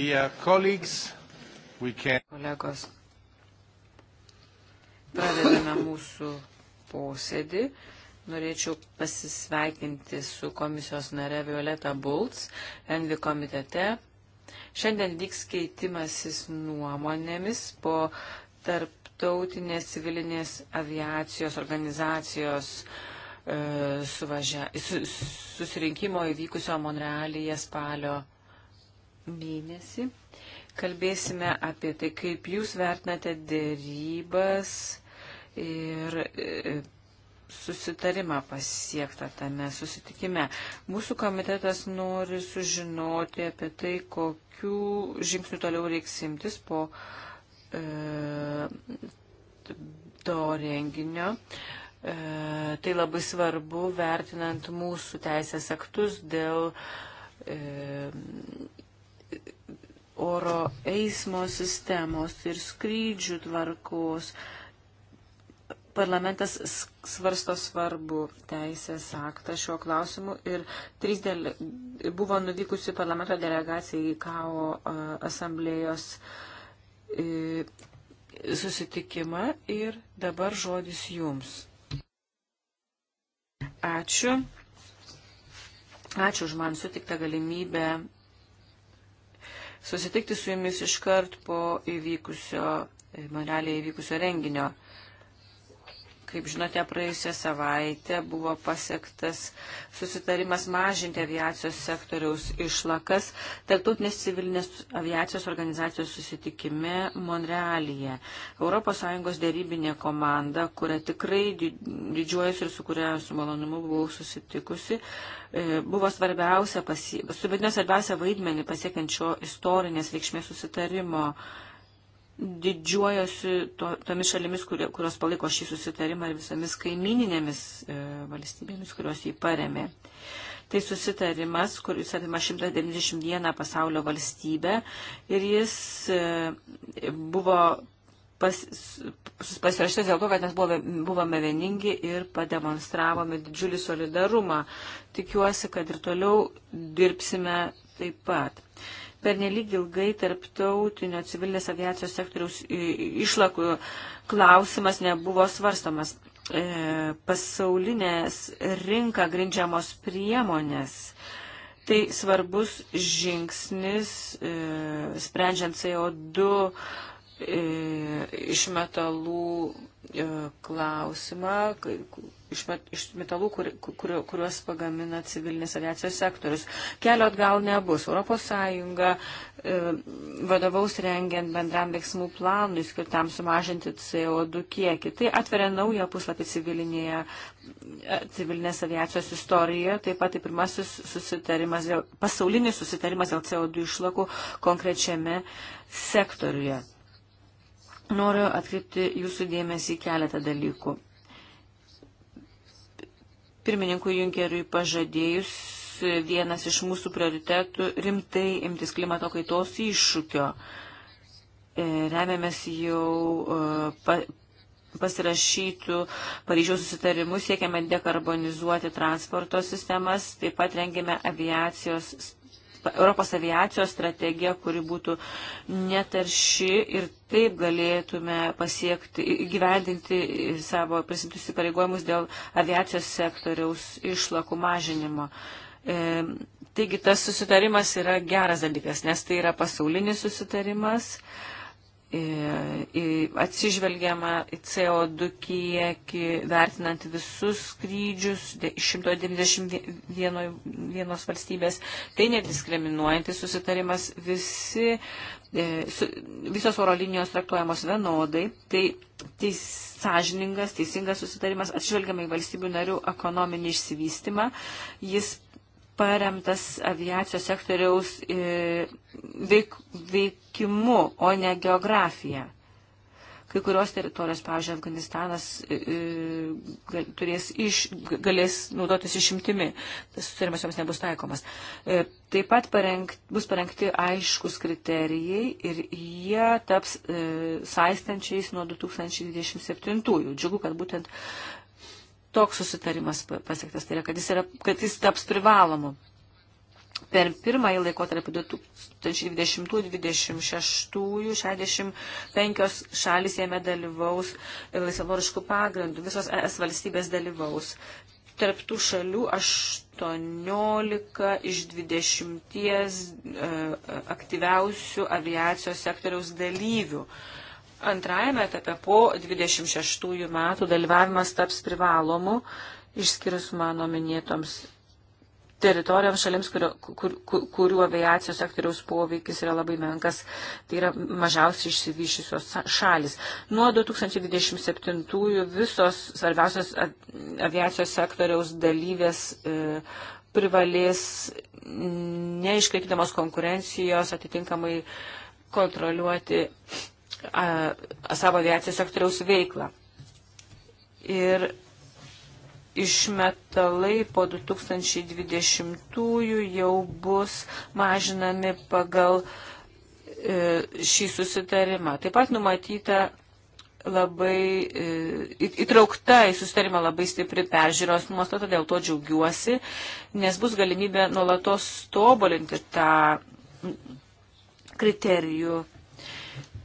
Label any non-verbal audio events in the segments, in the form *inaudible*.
Dear colleagues, we can... Kolegos, pradedame mūsų posėdį. Norėčiau pasisveikinti su komisijos nare Violeta Bulc, Envi komitete. Šiandien vyks keitimasis nuomonėmis po tarptautinės civilinės aviacijos organizacijos e, suvažia, su, susirinkimo įvykusio Monrealyje spalio mėnesį kalbėsime apie tai, kaip jūs vertinate dėrybas ir e, susitarimą pasiektą tame susitikime. Mūsų komitetas nori sužinoti apie tai, kokių žingsnių toliau reiks imtis po e, to renginio. E, tai labai svarbu vertinant mūsų teisės aktus dėl e, oro eismo sistemos ir skrydžių tvarkos. Parlamentas svarsto svarbu teisės aktą šiuo klausimu ir trys dele... buvo nuvykusi parlamento delegacija į KAO asamblėjos e, susitikimą ir dabar žodis jums. Ačiū. Ačiū už man sutiktą galimybę susitikti su jumis iškart po įvykusio, Monrealėje įvykusio renginio. Kaip žinote, praėjusią savaitę buvo pasiektas susitarimas mažinti aviacijos sektoriaus išlakas Tarptautinės civilinės aviacijos organizacijos susitikime Monrealyje. ES dėrybinė komanda, kurią tikrai didžiuojasi ir su kuria su malonumu buvau susitikusi, e, buvo svarbiausia, pasie... svarbiausia vaidmenį pasiekiančio istorinės reikšmės susitarimo. Uh, didžiuojasi to, tomis šalimis, kurie, kurios palaiko šį susitarimą ir visomis kaimininėmis e, valstybėmis, kurios jį paremė. Tai susitarimas, kuris apima 191 pasaulio valstybę ir jis e, buvo pas, pasirašytas dėl to, kad mes buvome, buvome vieningi ir pademonstravome didžiulį solidarumą. Tikiuosi, kad ir toliau dirbsime taip pat per nelyg ilgai tarptautinio civilinės aviacijos sektoriaus išlakų klausimas nebuvo svarstomas. E, pasaulinės rinka grindžiamos priemonės. Tai svarbus žingsnis, e, sprendžiant CO2 e, iš metalų klausimą, iš, iš metalų, kur, kur, kuriuos pagamina civilinės aviacijos sektorius. Kelio atgal nebus. Europos Sąjunga e, vadovaus rengiant bendram veiksmų planui skirtam sumažinti CO2 kiekį. Tai atveria naują puslapį civilinėje, e, civilinės aviacijos istorijoje. Taip pat tai pirmasis susitarimas, pasaulinis susitarimas dėl CO2 išlakų konkrečiame sektoriuje. Noriu atkreipti jūsų dėmesį į keletą dalykų pirmininkui Junkeriui pažadėjus vienas iš mūsų prioritetų rimtai imtis klimato kaitos iššūkio. E, remiamės jau e, pasirašytų Paryžiaus susitarimus, siekiame dekarbonizuoti transporto sistemas, taip pat rengėme aviacijos Europos aviacijos strategiją, kuri būtų netarši ir taip galėtume pasiekti, gyvendinti savo prisimtus įpareigojimus dėl aviacijos sektoriaus išlakų mažinimo. E, taigi tas susitarimas yra geras dalykas, nes tai yra pasaulinis susitarimas. E, atsižvelgiama į CO2 kiekį, vertinant visus skrydžius iš 191 valstybės. Tai nediskriminuojantis susitarimas, visi, e, visos oro linijos traktuojamos vienodai. Tai teis, sąžiningas, teisingas susitarimas, atsižvelgiama į valstybių narių ekonominį išsivystimą. Jis paremtas aviacijos sektoriaus e, veik, veikimu, o ne geografija. Kai kurios teritorijos, pavyzdžiui, Afganistanas e, e, turės iš, galės naudotis išimtimi, tas susitarimas joms nebus taikomas. Taip pat parengt, bus parengti aiškus kriterijai ir jie taps saistančiais nuo 2027. -ųjų. Džiugu, kad būtent toks susitarimas pasiektas, tai yra, kad jis, yra, kad jis taps privalomu. Per pirmąjį laikotarpį 2020-2026-65 šalis jame dalyvaus laisvanoriškų pagrindų, visos ES valstybės dalyvaus. Tarptų šalių 18 iš 20 e, aktyviausių aviacijos sektoriaus dalyvių. Uh, Antrajame etape po 26 metų dalyvavimas taps privalomu, išskyrus mano minėtoms teritorijoms šalims, kurio, kur, kur, kurių aviacijos sektoriaus poveikis yra labai menkas, tai yra mažiausiai išsivyšusios šalis. Nuo 2027 visos svarbiausios aviacijos sektoriaus dalyvės e, privalės neiškreipdamos konkurencijos atitinkamai kontroliuoti a, savo aviacijos sektoriaus veiklą. Ir išmetalai po 2020-ųjų jau bus mažinami pagal e, šį susitarimą. Taip pat numatyta labai e, įtraukta į susitarimą labai stipri peržiūros nuostata, dėl to džiaugiuosi, nes bus galimybė nuolatos tobulinti tą kriterijų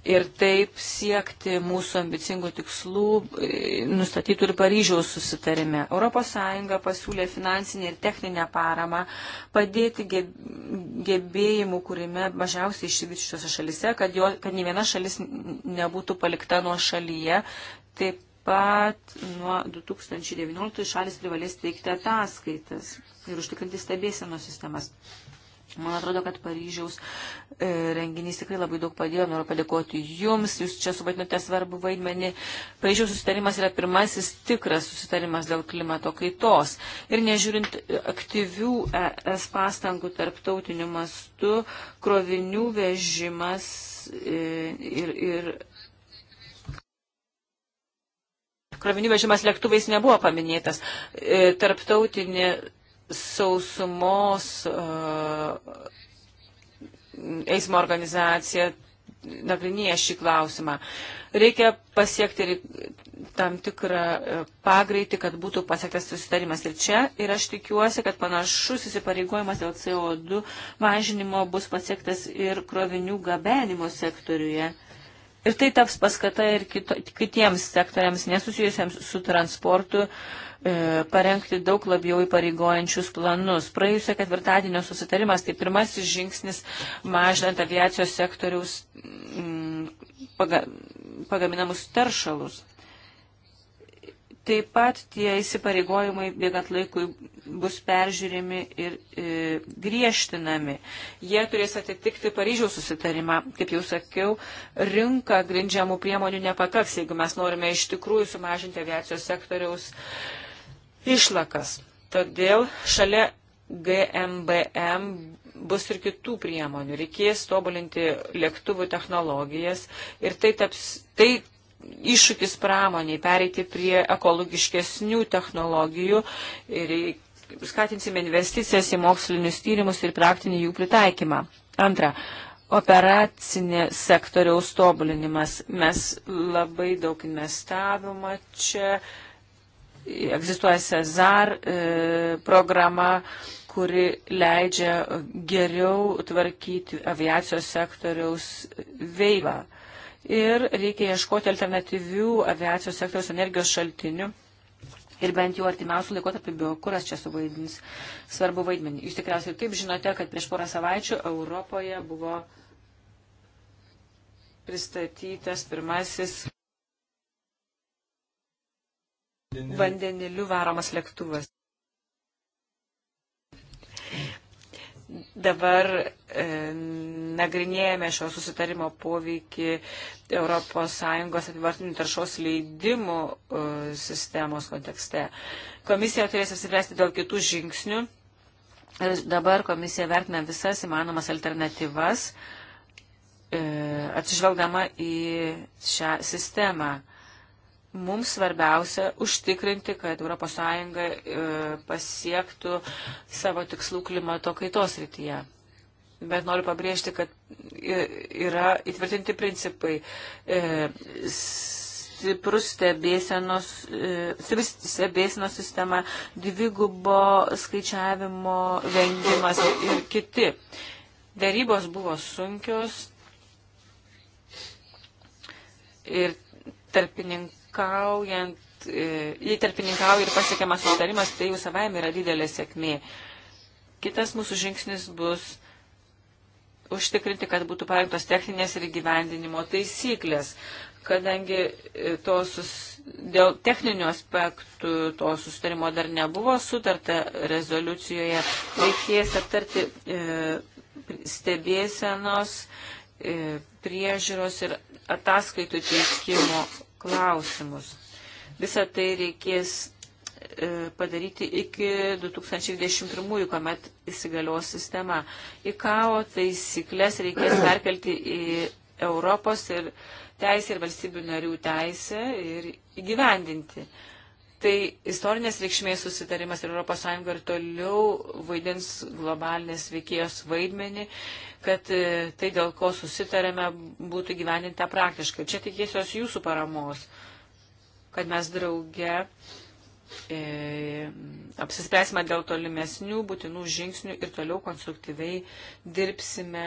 ir taip siekti mūsų ambicingų tikslų e, nustatytų ir Paryžiaus susitarime. ES pasiūlė finansinį ir techninę paramą padėti gebėjimų kūrime mažiausiai išsivyščiuose šalise, kad, jo, kad ne viena šalis nebūtų palikta nuo šalyje. Taip pat nuo 2019 šalis privalės teikti ataskaitas ir užtikrinti stebėsenos sistemas. Man atrodo, kad Paryžiaus e, renginys tikrai labai daug padėjo. Noriu padėkoti Jums. Jūs čia suvaidinote svarbu vaidmenį. Paryžiaus susitarimas yra pirmasis tikras susitarimas dėl klimato kaitos. Ir nežiūrint aktyvių ES pastangų tarptautiniu mastu, krovinių vežimas e, ir. ir Krovinių vežimas lėktuvais nebuvo paminėtas. E, tarptautinė sausumos e, eismo organizacija nagrinėja šį klausimą. Reikia pasiekti tam tikrą e, pagreitį, kad būtų pasiektas susitarimas. Ir čia, ir aš tikiuosi, kad panašus įsipareigojimas dėl CO2 mažinimo bus pasiektas ir krovinių gabenimo sektoriuje. Uh, Ir tai taps paskata ir kito, kitiems sektoriams nesusijusiems su transportu e, parengti daug labiau įpareigojančius planus. Praėjusio ketvirtadienio susitarimas tai pirmasis žingsnis mažinant aviacijos sektoriaus mm, pagaminamus teršalus. Taip pat tie įsipareigojimai bėgant laikui bus peržiūrimi ir e, griežtinami. Jie turės atitikti Paryžiaus susitarimą. Kaip jau sakiau, rinka grindžiamų priemonių nepakaks, jeigu mes norime iš tikrųjų sumažinti aviacijos sektoriaus išlakas. Todėl šalia GMBM bus ir kitų priemonių. Reikės tobulinti lėktuvų technologijas ir tai, taps, tai iššūkis pramoniai pereiti prie ekologiškesnių technologijų ir skatinsime investicijas į mokslinius tyrimus ir praktinį jų pritaikymą. Antra, operacinė sektoriaus tobulinimas. Mes labai daug investavimo čia. Egzistuoja Cezar e, programa, kuri leidžia geriau tvarkyti aviacijos sektoriaus veiklą ir reikia ieškoti alternatyvių aviacijos sektoriaus energijos šaltinių. Ir bent jau artimiausių laikotarpių biokuras čia suvaidins svarbu vaidmenį. Jūs tikriausiai taip žinote, kad prieš porą savaičių Europoje buvo pristatytas pirmasis vandeniliu varomas lėktuvas. Dabar e, nagrinėjame šio susitarimo poveikį ES apivartinių taršos leidimų e, sistemos kontekste. Komisija turės apsipręsti dėl kitų žingsnių. Ir dabar komisija vertina visas įmanomas alternatyvas, e, atsižvelgdama į šią sistemą. E, Mums svarbiausia užtikrinti, kad ES e, pasiektų savo tikslų klimato kaitos rytyje. Bet noriu pabrėžti, kad yra įtvirtinti principai. E, stiprus stebėsenos, e, stebėsenos sistema, dvigubo skaičiavimo vengimas ir kiti. Darybos buvo sunkios ir tarpininkai tarpininkaujant, e, jei tarpininkauja ir pasiekiamas sutarimas, tai jau savaime yra didelė sėkmė. Kitas mūsų žingsnis bus užtikrinti, kad būtų parengtos techninės ir gyvendinimo taisyklės, kadangi e, tos, dėl techninių aspektų to sustarimo dar nebuvo sutarta rezoliucijoje, reikės aptarti e, stebėsenos, e, priežiūros ir ataskaitų teikimo klausimus. Visą tai reikės e, padaryti iki 2021, kuomet įsigalios sistema. IKAO taisyklės reikės perkelti į Europos ir teisę ir valstybių narių teisę ir įgyvendinti. Uh, Tai istorinės reikšmės susitarimas ir ES ir toliau vaidins globalinės veikėjos vaidmenį, kad e, tai, dėl ko susitarėme, būtų gyveninta praktiškai. Čia tikėsiuos jūsų paramos, kad mes drauge uh, e, apsispręsime dėl tolimesnių būtinų žingsnių ir toliau konstruktyviai dirbsime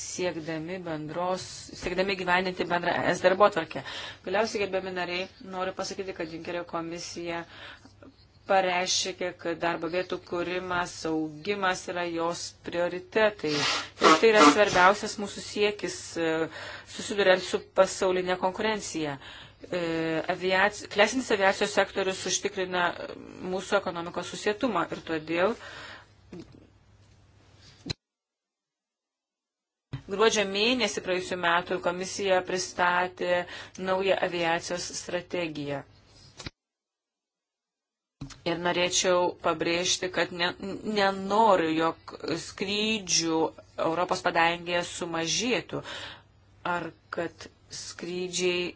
siekdami bendros, siekdami gyveninti bendrą ES darbo tvarkę. Galiausiai, gerbiami nariai, noriu pasakyti, kad Junkerio komisija pareiškė, kad darbo vietų kūrimas, augimas yra jos prioritetai. Ir tai yra svarbiausias mūsų siekis e, susiduriant su pasaulinė konkurencija. E, aviac... klesintis aviacijos sektorius užtikrina e, mūsų ekonomikos susietumą ir todėl Gruodžio mėnesį praėjusiu metu komisija pristatė naują aviacijos strategiją. Ir norėčiau pabrėžti, kad ne, nenoriu, jog skrydžių Europos padangėje sumažėtų ar kad skrydžiai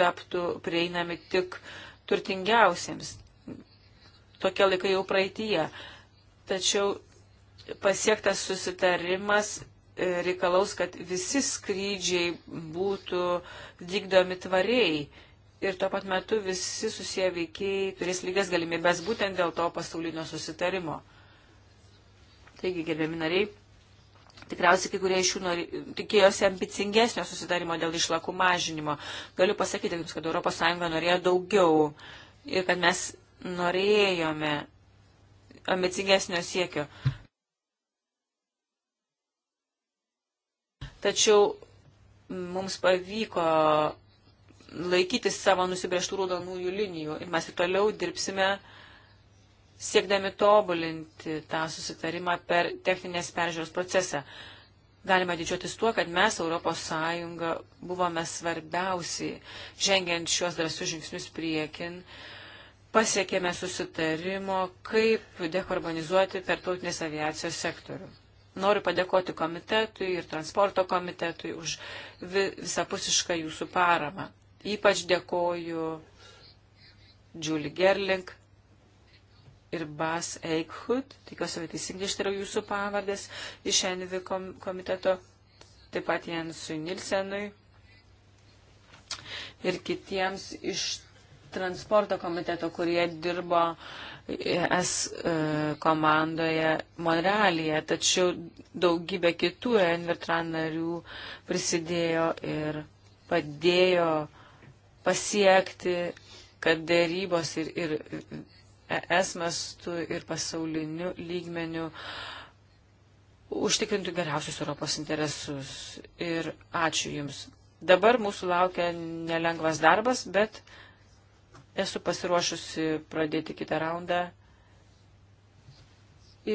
taptų prieinami tik turtingiausiems. Tokie laikai jau praeitie. Tačiau pasiektas susitarimas e, reikalaus, kad visi skrydžiai būtų vykdomi tvariai. Ir tuo pat metu visi susiję veikiai turės lygias galimybės būtent dėl to pasaulinio susitarimo. Taigi, gerbiami nariai, Tikriausiai kai kurie iš jų nori, tikėjosi ambicingesnio susidarimo dėl išlakų mažinimo. Galiu pasakyti jums, kad ES norėjo daugiau ir kad mes norėjome ambicingesnio siekio. Tačiau mums pavyko laikytis savo nusibrieštų raudonųjų linijų ir mes ir toliau dirbsime uh, siekdami tobulinti tą susitarimą per techninės peržiūros procesą. Galima didžiuotis tuo, kad mes, Europos Sąjunga, buvome svarbiausiai, žengiant šios drąsius žingsnius priekin, pasiekėme susitarimo, kaip dekarbonizuoti tarptautinės aviacijos sektorių. Noriu padėkoti komitetui ir transporto komitetui už visapusišką jūsų paramą. Ypač dėkoju Julie Gerling, ir Bas Eichhut, tikiuosi, kad teisingai ištariau jūsų pavardės, iš Envi komiteto, taip pat Jensui Nilsenui ir kitiems iš transporto komiteto, kurie dirbo ES e, komandoje Monrealyje, tačiau daugybė kitų Envertran narių prisidėjo ir padėjo pasiekti, kad dėrybos ir, ir ES mastu ir pasauliniu lygmeniu užtikrintų geriausius Europos interesus. Ir ačiū Jums. Dabar mūsų laukia nelengvas darbas, bet esu pasiruošusi pradėti kitą raundą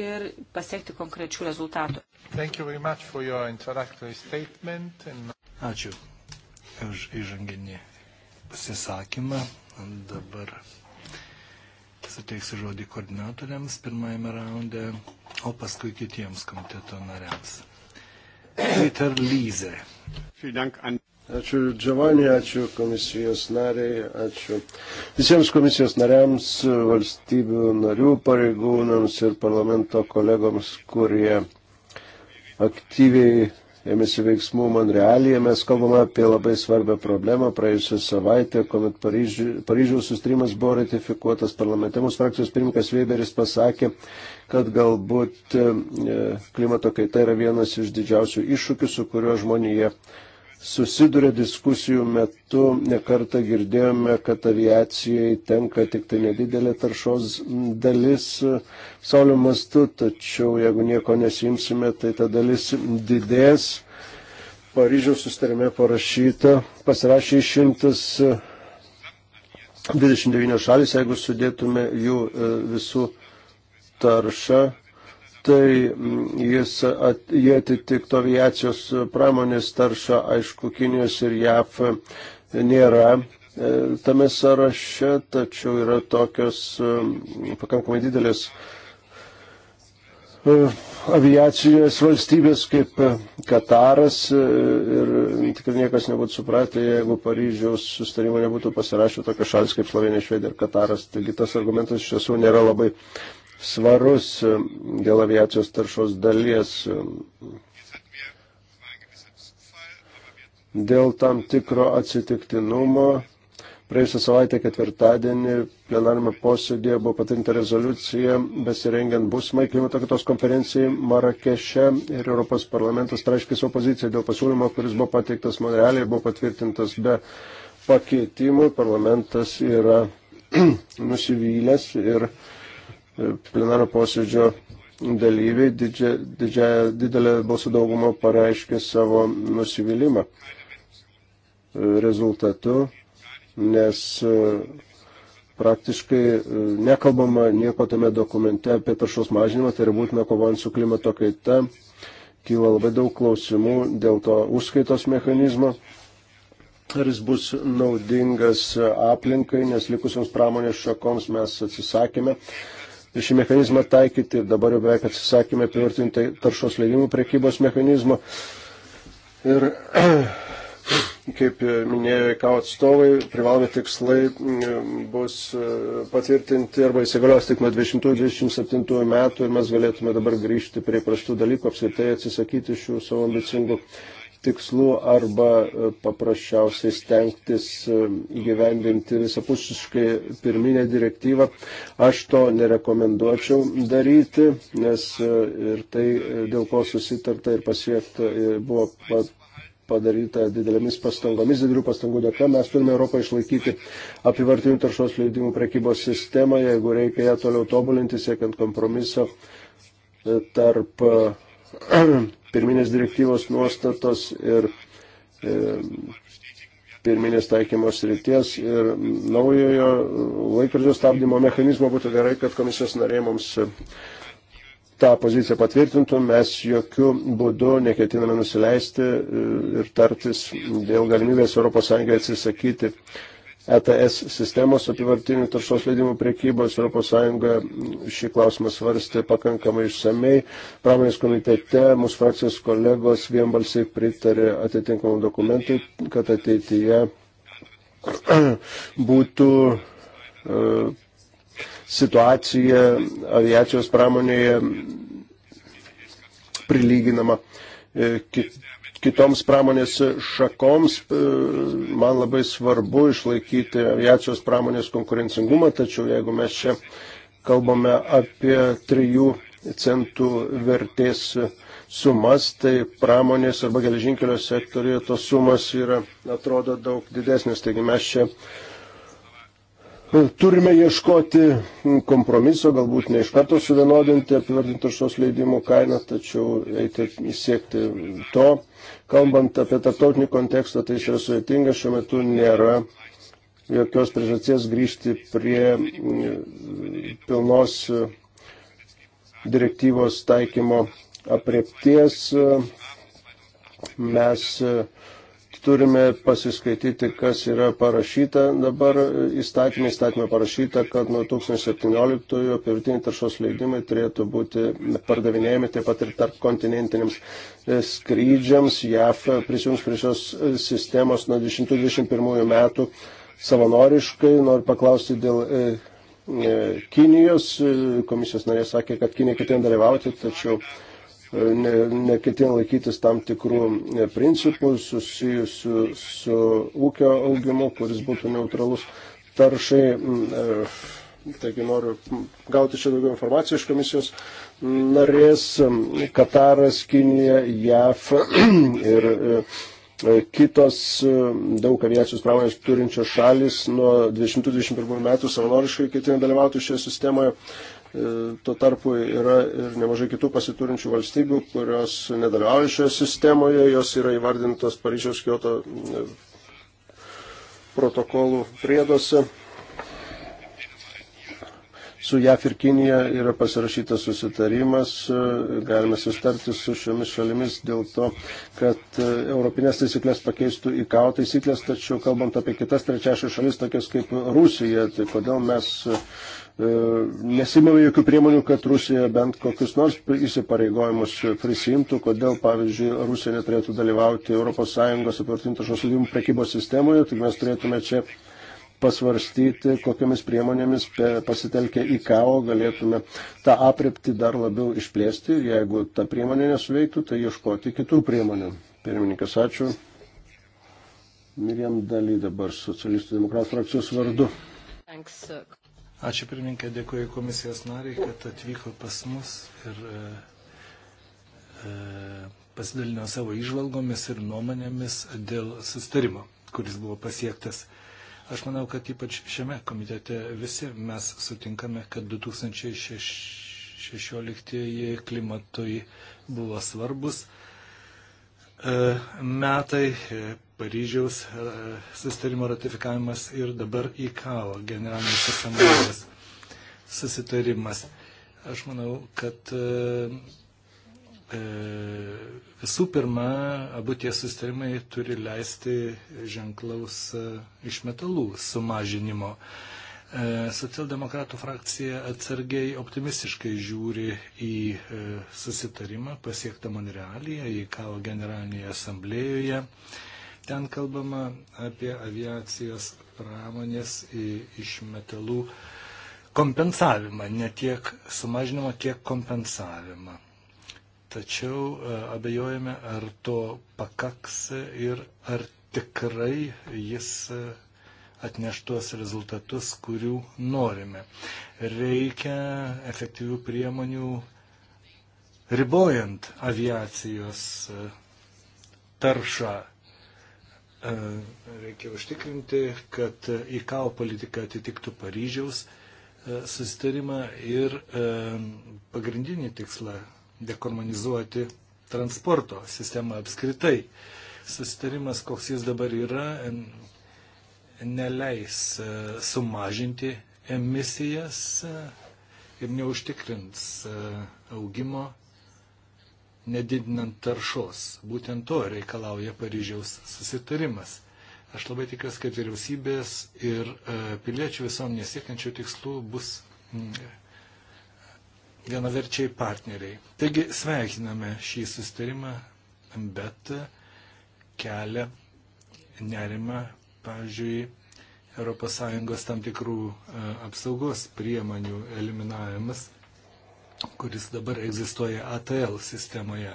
ir pasiekti konkrečių rezultatų. Ačiū už įžanginį pasisakymą. Dabar suteiksiu žodį koordinatoriams pirmajame raunde, o paskui kitiems komiteto nariams. Peter Lyze. Ačiū Džavanį, ačiū komisijos nariai, ačiū visiems komisijos nariams, valstybių narių pareigūnams ir parlamento kolegoms, kurie aktyviai ėmėsi veiksmų Monrealyje. Mes kalbame apie labai svarbią problemą. Praėjusią savaitę, kuomet Paryži, Paryžiaus sustrimas buvo ratifikuotas parlamente, mūsų frakcijos pirmininkas Weberis pasakė, kad galbūt e, klimato kaita yra vienas iš didžiausių iššūkių, su kuriuo žmonija susiduria diskusijų metu, nekartą girdėjome, kad aviacijai tenka tik tai nedidelė taršos dalis saulio mastu, tačiau jeigu nieko nesimsime, tai ta dalis didės. Paryžiaus sustarime parašyta, pasirašė 129 šalis, jeigu sudėtume jų e, visų taršą, tai mm, jis at, jie atitiktų aviacijos pramonės taršą, aišku, Kinijos ir JAF e, nėra e, tame sąraše, tačiau yra tokios e, pakankamai didelės aviacijos valstybės kaip Kataras ir tikrai niekas nebūtų supratę, jeigu Paryžiaus sustarimo nebūtų pasirašę tokios šalis kaip Slovenija, Švedija ir Kataras. Taigi tas argumentas iš tiesų nėra labai svarus e, dėl aviacijos taršos dalies. E, dėl tam tikro atsitiktinumo praėjusią savaitę ketvirtadienį plenarime posėdėje buvo patinta rezoliucija besirengiant būsimai klimato kitos konferencijai Marakeše ir Europos parlamentas traiškė savo poziciją dėl pasiūlymo, kuris buvo pateiktas Monrealiai ir buvo patvirtintas be pakeitimų. Parlamentas yra *clears throat* nusivylęs ir plenaro posėdžio dalyviai didžia, didžia, didelė balsų dauguma pareiškė savo nusivylimą rezultatu, nes e, praktiškai e, nekalbama nieko tame dokumente apie taršos mažinimą, tai yra būtina kovojant su klimato kaita. Kyla labai daug klausimų dėl to užskaitos mechanizmo, ar jis bus naudingas aplinkai, nes likusiams pramonės šakoms mes atsisakėme ir šį mechanizmą taikyti. Dabar jau beveik atsisakėme privartinti taršos leidimų prekybos mechanizmo. Ir *clears throat* kaip minėjo IKAO atstovai, privalomi tikslai mm, bus e, patvirtinti arba įsigalios tik nuo 2027 metų ir mes galėtume dabar grįžti prie prastų dalykų, apskritai atsisakyti šių savo ambicingų tikslų arba e, paprasčiausiai stengtis e, gyvendinti visapusiškai pirminę direktyvą. Aš to nerekomenduočiau daryti, nes e, ir tai, dėl ko susitarta ir pasiekta, buvo padaryta didelėmis pastangomis, didelių pastangų dėka. Mes turime Europą išlaikyti apivartinių taršos leidimų prekybos sistemą, jeigu reikia ją toliau tobulinti, siekiant kompromiso tarp pirminės direktyvos nuostatos ir e, pirminės taikymos ryties ir naujojo laikrodžio stabdymo mechanizmo būtų gerai, kad komisijos nariai mums tą poziciją patvirtintų. Mes jokių būdų neketiname nusileisti e, ir tartis dėl galimybės ES atsisakyti ETS sistemos apivartinių taršos leidimų priekybos ES šį klausimą svarstė pakankamai išsamei. Pramonės komitete mūsų frakcijos kolegos vienbalsiai pritarė atitinkamam dokumentui, kad ateityje *clears throat* būtų e, situacija aviacijos pramonėje prilyginama e, kit, kitoms pramonės šakoms. E, man labai svarbu išlaikyti aviacijos pramonės konkurencingumą, tačiau jeigu mes čia kalbame apie 3 centų vertės sumas, tai pramonės arba geležinkelio sektorijoje tos sumas yra, atrodo, daug didesnės. Taigi mes čia Turime ieškoti kompromiso, galbūt ne iš karto suvienodinti apivardintos šios leidimų kainą, tačiau eiti įsiekti to. Kalbant apie tarptautinį kontekstą, tai jis yra sudėtingas, šiuo metu nėra jokios priežasties grįžti prie mm, pilnos mm, direktyvos taikymo apriepties. Mes mm, turime pasiskaityti, kas yra parašyta dabar įstatymė. Įstatymė parašyta, kad nuo 2017-ųjų apivirtiniai taršos leidimai turėtų būti pardavinėjami taip pat ir tarp kontinentiniams e, skrydžiams. JAF prisijungs prie šios sistemos nuo 2021 metų savanoriškai. Noriu paklausti dėl e, e, Kinijos. Komisijos narė sakė, kad Kinija ketina dalyvauti, tačiau ne, neketina laikytis tam tikrų e, principų susijusių su, su ūkio augimu, kuris būtų neutralus taršai. E, taigi noriu gauti čia daugiau informacijos iš komisijos narės Kataras, Kinija, JAF *clears throat* ir e, kitos daug aviacijos pramonės turinčios šalis nuo 2021 metų savanoriškai ketina dalyvauti šioje sistemoje. E, tuo tarpu yra ir nemažai kitų pasiturinčių valstybių, kurios nedalyvauja šioje sistemoje, jos yra įvardintos Paryžiaus Kyoto e, protokolų prieduose. Su JAF ir Kinija yra pasirašytas susitarimas, e, galime sustarti su šiomis šalimis dėl to, kad europinės taisyklės pakeistų į KAO taisyklės, tačiau kalbant apie kitas trečiašio šalis, tokias kaip Rusija, tai kodėl mes E, nesimame jokių priemonių, kad Rusija bent kokius nors įsipareigojimus prisimtų, kodėl, pavyzdžiui, Rusija neturėtų dalyvauti ES apvartinto šios lygimų prekybos sistemoje, tik mes turėtume čia pasvarstyti, kokiamis priemonėmis pasitelkę į KAO galėtume tą aprepti dar labiau išplėsti ir jeigu ta priemonė nesuveiktų, tai ieškoti kitų priemonių. Pirmininkas, ačiū. Miriam Daly dabar socialistų demokratų frakcijos vardu. Thanks. Ačiū pirmininkė, dėkuoju komisijos nariai, kad atvyko pas mus ir e, e pasidalino savo išvalgomis ir nuomonėmis dėl sustarimo, kuris buvo pasiektas. Aš manau, kad ypač šiame komitete visi mes sutinkame, kad 2016 klimatui buvo svarbus e, metai e, Paryžiaus e, susitarimo ratifikavimas ir dabar IKAO generalinės asamblėjos susitarimas. Aš manau, kad e, e, visų pirma, abu tie susitarimai turi leisti ženklaus išmetalų sumažinimo. Socialdemokratų frakcija atsargiai optimistiškai žiūri į susitarimą pasiektą Monrealyje, į KAO generalinėje asamblėjoje. Ten kalbama apie aviacijos pramonės iš metalų kompensavimą, ne tiek sumažinimą, kiek kompensavimą. Tačiau e, abejojame, ar to pakaks ir ar tikrai jis e, atneš tuos rezultatus, kurių norime. Reikia efektyvių priemonių ribojant aviacijos e, taršą E, reikia užtikrinti, kad IKAO politika atitiktų Paryžiaus e, susitarimą ir e, pagrindinį tikslą dekormonizuoti transporto sistemą apskritai. Susitarimas, koks jis dabar yra, neleis sumažinti emisijas ir neužtikrins augimo nedidinant taršos. Būtent to reikalauja Paryžiaus susitarimas. Aš labai tikiuosi, kad vyriausybės ir e, piliečių visuomenės siekiančių tikslų bus vienaverčiai partneriai. Taigi sveikiname šį susitarimą, bet kelia nerima, pavyzdžiui, ES tam tikrų e, apsaugos priemonių eliminavimas kuris dabar egzistuoja ATL sistemoje.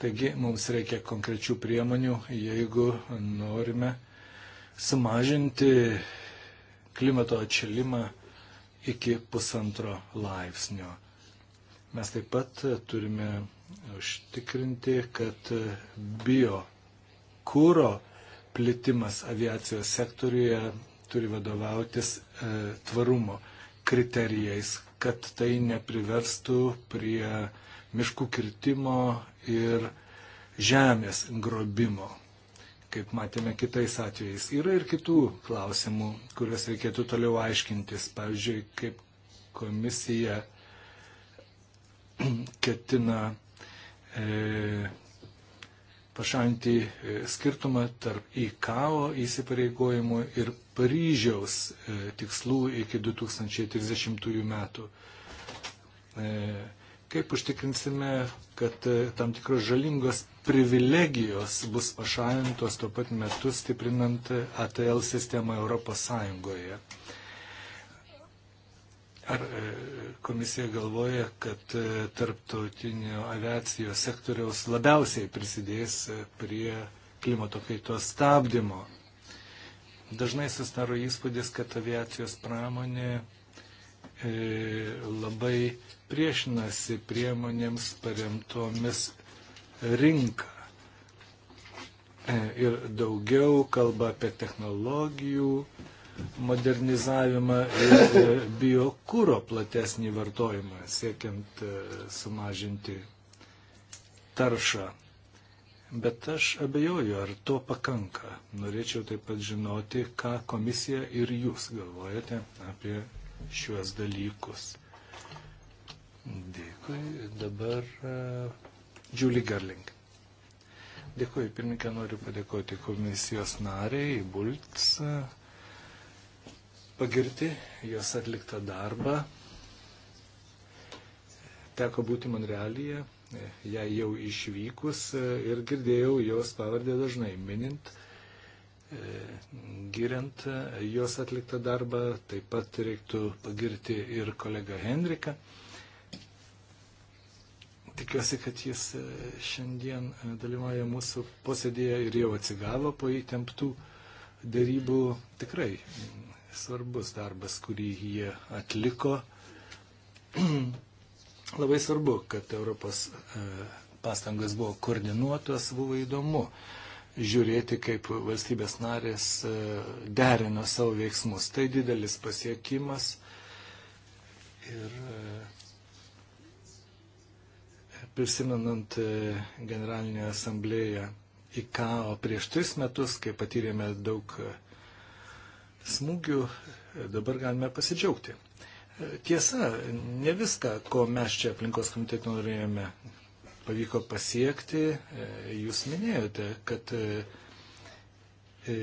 Taigi mums reikia konkrečių priemonių, jeigu norime sumažinti klimato atšilimą iki pusantro laipsnio. Mes taip pat turime užtikrinti, kad bio kūro plitimas aviacijos sektoriuje turi vadovautis e, tvarumo kriterijais, kad tai nepriverstų prie miškų kirtimo ir žemės grobimo, kaip matėme kitais atvejais. Yra ir kitų klausimų, kuriuos reikėtų toliau aiškintis. Pavyzdžiui, kaip komisija ketina e, pašalinti e, skirtumą tarp IKO įsipareigojimų ir Paryžiaus e, tikslų iki 2030 metų. E, kaip užtikrinsime, kad e, tam tikros žalingos privilegijos bus pašalintos tuo pat metu stiprinant ATL sistemą Europos Sąjungoje? Ar komisija galvoja, kad tarptautinio aviacijos sektoriaus labiausiai prisidės prie klimato kaitos stabdymo Dažnai susidaro įspūdis, kad aviacijos pramonė e, labai priešinasi priemonėms paremtomis rinką. E, ir daugiau kalba apie technologijų modernizavimą ir e, biokūro platesnį vartojimą, siekiant sumažinti taršą bet aš abejoju, ar to pakanka. Norėčiau taip pat žinoti, ką komisija ir jūs galvojate apie šiuos dalykus. Dėkui. Dabar e, Julie Garling. Dėkui, pirmininkę noriu padėkoti komisijos nariai, Bults, pagirti jos atliktą darbą. Teko būti Monrealyje jai jau išvykus e, ir girdėjau jos pavardę dažnai minint, e, giriant e, jos atliktą darbą, taip pat reiktų pagirti ir kolegą Henriką. Tikiuosi, kad jis šiandien dalyvauja mūsų posėdėje ir jau atsigavo po įtemptų dėrybų. Tikrai mm, svarbus darbas, kurį jie atliko. *clears throat* Labai svarbu, kad Europos e, pastangos buvo koordinuotos, buvo įdomu žiūrėti, kaip valstybės narės e, derino savo veiksmus. Tai didelis pasiekimas ir e, prisimenant generalinę asamblėją į KAO prieš tris metus, kai patyrėme daug smūgių, dabar galime pasidžiaugti Tiesa, ne viską, ko mes čia aplinkos komitete norėjome, pavyko pasiekti. E, jūs minėjote, kad e, e,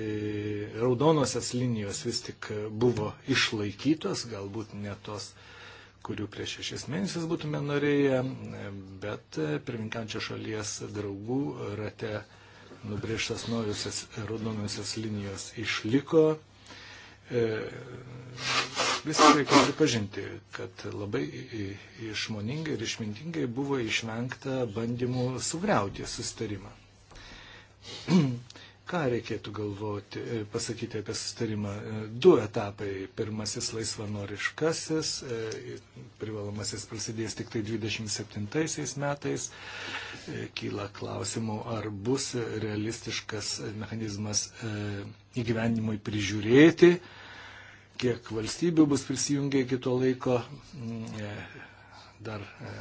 raudonosios linijos vis tik buvo išlaikytos, galbūt ne tos, kurių prieš šešis mėnesius būtume norėję, bet pirminkančio šalies draugų rate nubrėžtas naujosios raudonosios linijos išliko. Viską reikia tai pripažinti, kad labai išmoningai ir išmintingai buvo išvengta bandymų sugriauti sustarimą. *clears throat* Ką reikėtų galvoti, e, pasakyti apie sustarimą? E, du etapai. Pirmasis laisvanoriškasis, e, privalomasis prasidės tik tai 27 metais. Kyla klausimų, ar bus realistiškas mechanizmas įgyvenimui prižiūrėti kiek valstybių bus prisijungę iki to laiko. Mm, e, dar e,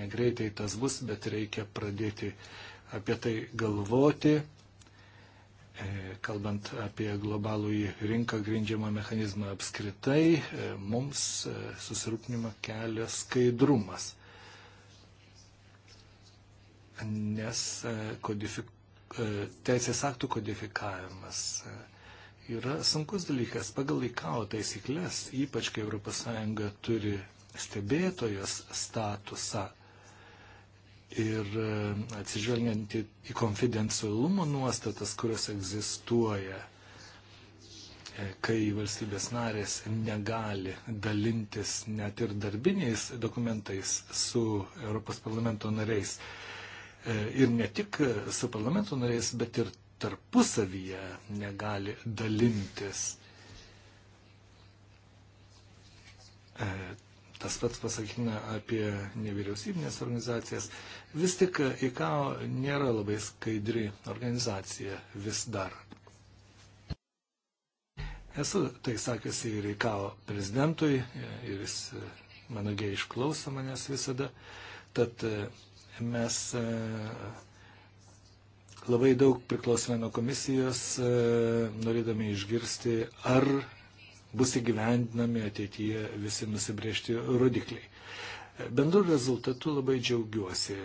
negreitai tas bus, bet reikia pradėti apie tai galvoti. E, kalbant apie globalų rinką grindžiamą mechanizmą apskritai, mums susirūpinimą kelia skaidrumas. Nes kodifik... teisės aktų kodifikavimas yra sunkus dalykas. Pagal įkao taisyklės, ypač kai ES turi stebėtojos statusą ir e, atsižvelgiant į konfidencialumo nuostatas, kurios egzistuoja, e, kai valstybės narės negali dalintis net ir darbiniais dokumentais su ES nariais e, ir ne tik su parlamento nariais, bet ir tarpusavyje negali dalintis. E, tas pats pasakytina apie nevyriausybinės organizacijas. Vis tik ICAO nėra labai skaidri organizacija vis dar. Esu tai sakęs ir ICAO prezidentui e, ir jis e, manogiai išklauso manęs visada. Tad mes Labai daug priklausome nuo komisijos, e, norėdami išgirsti, ar bus įgyvendinami ateityje visi nusibriežti rodikliai. Bendru rezultatu labai džiaugiuosi.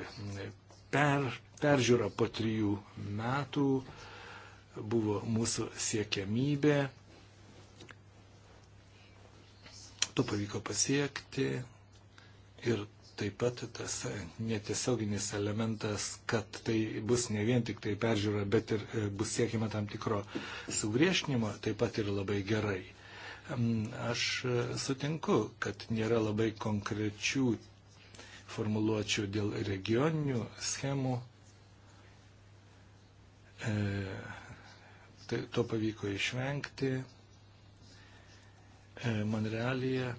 Per, peržiūra po trijų metų buvo mūsų siekiamybė. To pavyko pasiekti ir Taip pat tas netiesioginis elementas, kad tai bus ne vien tik tai peržiūra, bet ir e, bus siekima tam tikro sugriešinimo, taip pat ir labai gerai. Mm, aš e, sutinku, kad nėra labai konkrečių formuluočių dėl regioninių schemų. E, tai, to pavyko išvengti. E, Monrealija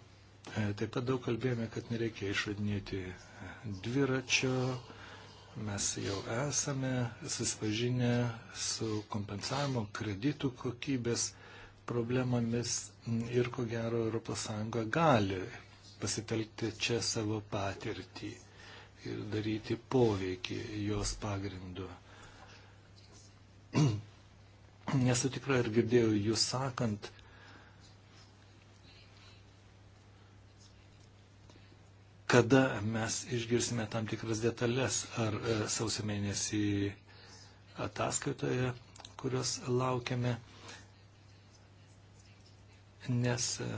E, taip pat daug kalbėjome, kad nereikia išradinėti e, dviračio. Mes jau esame susipažinę su kompensavimo kreditų kokybės problemomis ir ko gero ES gali pasitelkti čia savo patirtį ir daryti poveikį jos pagrindu. *clears throat* Nesu tikra, ar girdėjau jūs sakant, kada mes išgirsime tam tikras detalės ar e, sausio mėnesį ataskaitoje, kurios laukiame, nes e,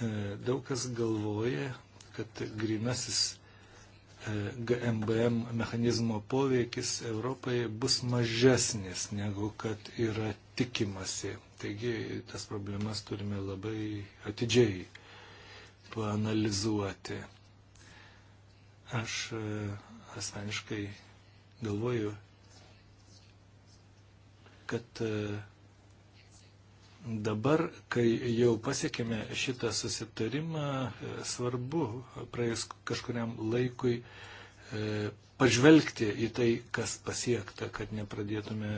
e, daug kas galvoja, kad grinasis GMBM mechanizmo poveikis Europai bus mažesnis negu kad yra tikimasi. Taigi tas problemas turime labai atidžiai paanalizuoti. Aš e, asmeniškai galvoju, kad e, dabar, kai jau pasiekėme šitą susitarimą, e, svarbu praėjus kažkuriam laikui pažvelgti į tai, kas pasiekta, kad nepradėtume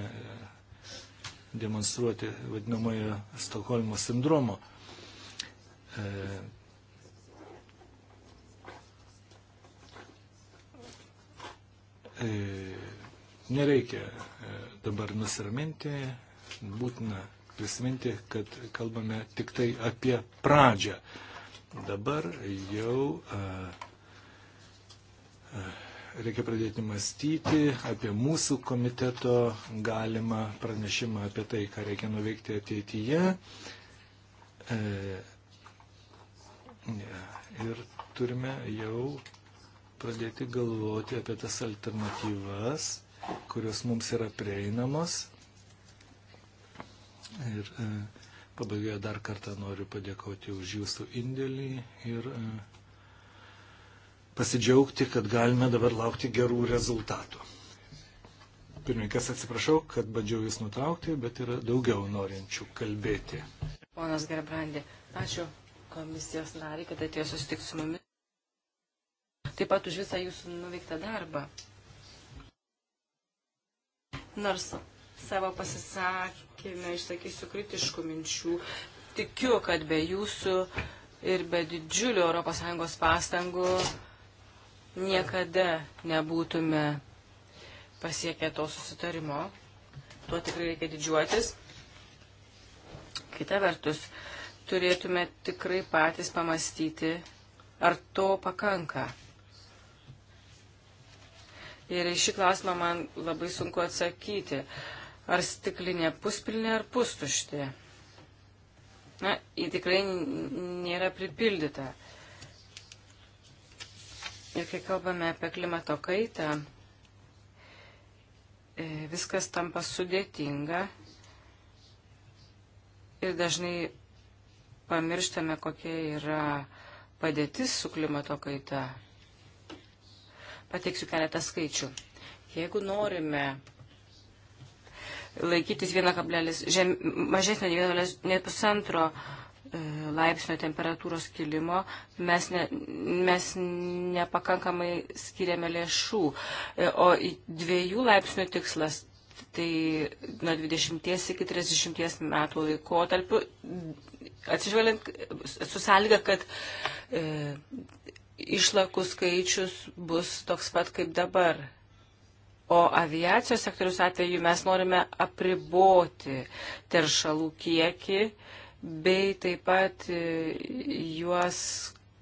demonstruoti vadinamojo Stokholmo sindromo. E, e, nereikia e, dabar nusiraminti, būtina prisiminti, kad kalbame tik tai apie pradžią. Dabar jau a, e, a, e, reikia pradėti mąstyti apie mūsų komiteto galimą pranešimą apie tai, ką reikia nuveikti ateityje. E, ir turime jau pradėti galvoti apie tas alternatyvas, kurios mums yra prieinamos. Ir e, pabaigoje dar kartą noriu padėkoti už jūsų indėlį ir e, pasidžiaugti, kad galime dabar laukti gerų rezultatų. Pirmininkas atsiprašau, kad bandžiau jūs nutraukti, bet yra daugiau norinčių kalbėti. Ponas Gerbrandė, ačiū komisijos nariai, kad atėjo susitikti su mumis. Taip pat už visą jūsų nuveiktą darbą. Nors savo pasisakymę išsakysiu kritiškų minčių, tikiu, kad be jūsų ir be didžiulių ES pastangų niekada nebūtume pasiekę to susitarimo. Tuo tikrai reikia didžiuotis. Kita vertus, turėtume tikrai patys pamastyti, ar to pakanka. Ir į šį klausimą man labai sunku atsakyti, ar stiklinė puspilnė ar pustuštė. Na, ji tikrai nėra pripildyta. Ir kai kalbame apie klimato kaitą, e, viskas tampa sudėtinga ir dažnai pamirštame, kokia yra padėtis su klimato kaita. Pateiksiu keletą skaičių. Jeigu norime laikytis 1, žem, mažesnio nei 1,5 E, laipsnio temperatūros kilimo mes, ne, mes nepakankamai skiriame lėšų, e, o dviejų laipsnių tikslas tai nuo 20 iki 30 metų laikotarpiu, atsižvelgiant su sąlyga, kad e, išlakų skaičius bus toks pat kaip dabar. O aviacijos sektorius atveju mes norime apriboti teršalų kiekį, e, bei taip pat e, juos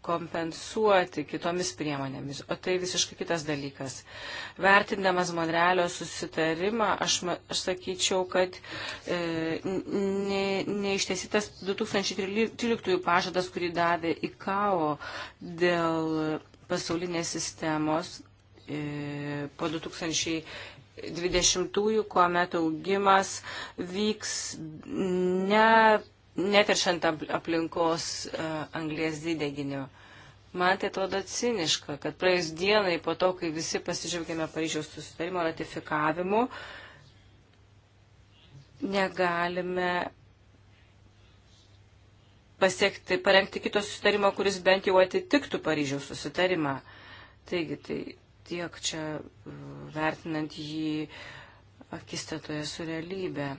kompensuoti kitomis priemonėmis. O tai visiškai kitas dalykas. Vertindamas Monrealio susitarimą, aš, aš sakyčiau, kad e, neištesitas ne 2013 pažadas, kurį davė ICAO dėl pasaulinės sistemos e, po 2000. 20-ųjų, kuomet augimas vyks ne neteršiant aplinkos e, anglės dideginio. Man tai atrodo ciniška, kad praėjus dienai po to, kai visi pasižiūrėkime Paryžiaus susitarimo ratifikavimu, negalime pasiekti, parengti kito susitarimo, kuris bent jau atitiktų Paryžiaus susitarimą. Taigi, tai tiek čia e, vertinant jį akistatoje su realybė.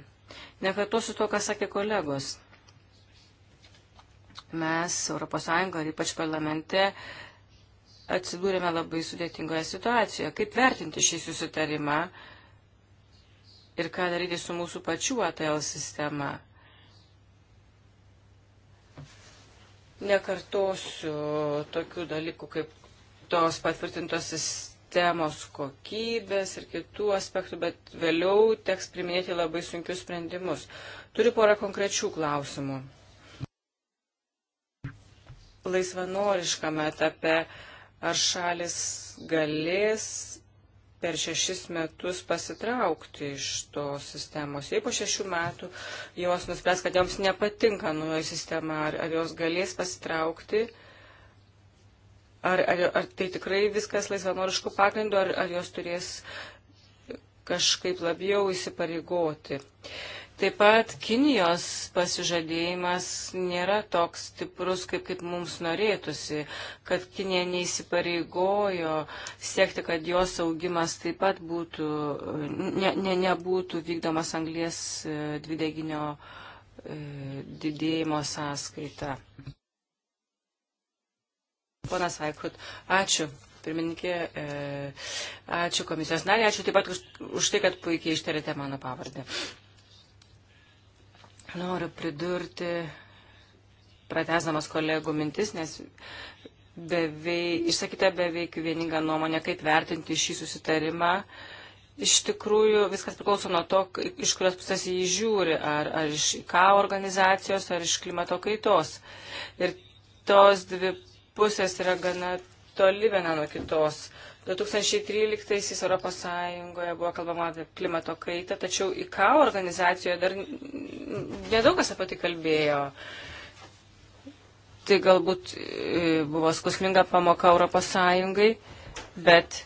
Nekartosiu to, ką sakė kolegos mes ES ir ypač parlamente atsidūrėme labai sudėtingoje situacijoje. Kaip vertinti šį susitarimą ir ką daryti su mūsų pačių ATL sistema? Nekartosiu tokių dalykų kaip tos patvirtintos sistemos kokybės ir kitų aspektų, bet vėliau teks priminėti labai sunkius sprendimus. Turiu porą konkrečių klausimų laisvanoriškame etape, ar šalis galės per šešis metus pasitraukti iš tos sistemos. Jei po šešių metų jos nuspręs, kad joms nepatinka naujoji sistema, ar, ar jos galės pasitraukti, ar, ar, ar tai tikrai viskas laisvanoriškų pagrindų, ar, ar jos turės kažkaip labiau įsipareigoti. Uh, Taip pat Kinijos pasižadėjimas nėra toks stiprus, kaip, kaip mums norėtųsi, kad Kinija neįsipareigojo siekti, kad jos augimas taip pat būtų, ne, ne, nebūtų vykdomas anglės e, dvideginio e, didėjimo sąskaita. Ponas Aikut, ačiū. Pirmininkė, e, ačiū komisijos narė, ačiū taip pat už, už tai, kad puikiai ištarėte mano pavardę. Noriu pridurti, pratesamas kolegų mintis, nes beveik, išsakyta beveik vieninga nuomonė, kaip vertinti šį susitarimą. Iš tikrųjų, viskas priklauso nuo to, iš kurios pusės jį žiūri, ar, ar iš ką organizacijos, ar iš klimato kaitos. Ir tos dvi pusės yra gana toli viena nuo kitos. 2013-aisiais Europos Sąjungoje buvo kalbama apie klimato kaitą, tačiau IKA organizacijoje dar nedaug kas apie tai kalbėjo. Tai galbūt e, buvo skusminga pamoka Europos Sąjungai, bet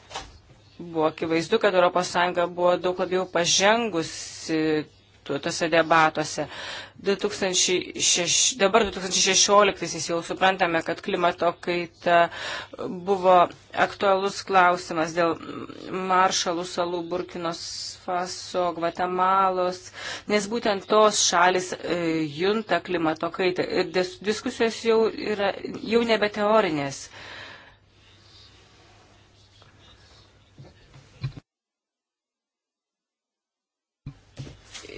buvo akivaizdu, kad Europos Sąjunga buvo daug labiau pažengusi metų tose debatuose. 2006, dabar 2016 jau suprantame, kad klimato kaita buvo aktualus klausimas dėl maršalų salų Burkinos Faso, Gvatemalos, nes būtent tos šalis e, junta klimato kaitą ir diskusijos jau, yra, jau nebe teorinės. E,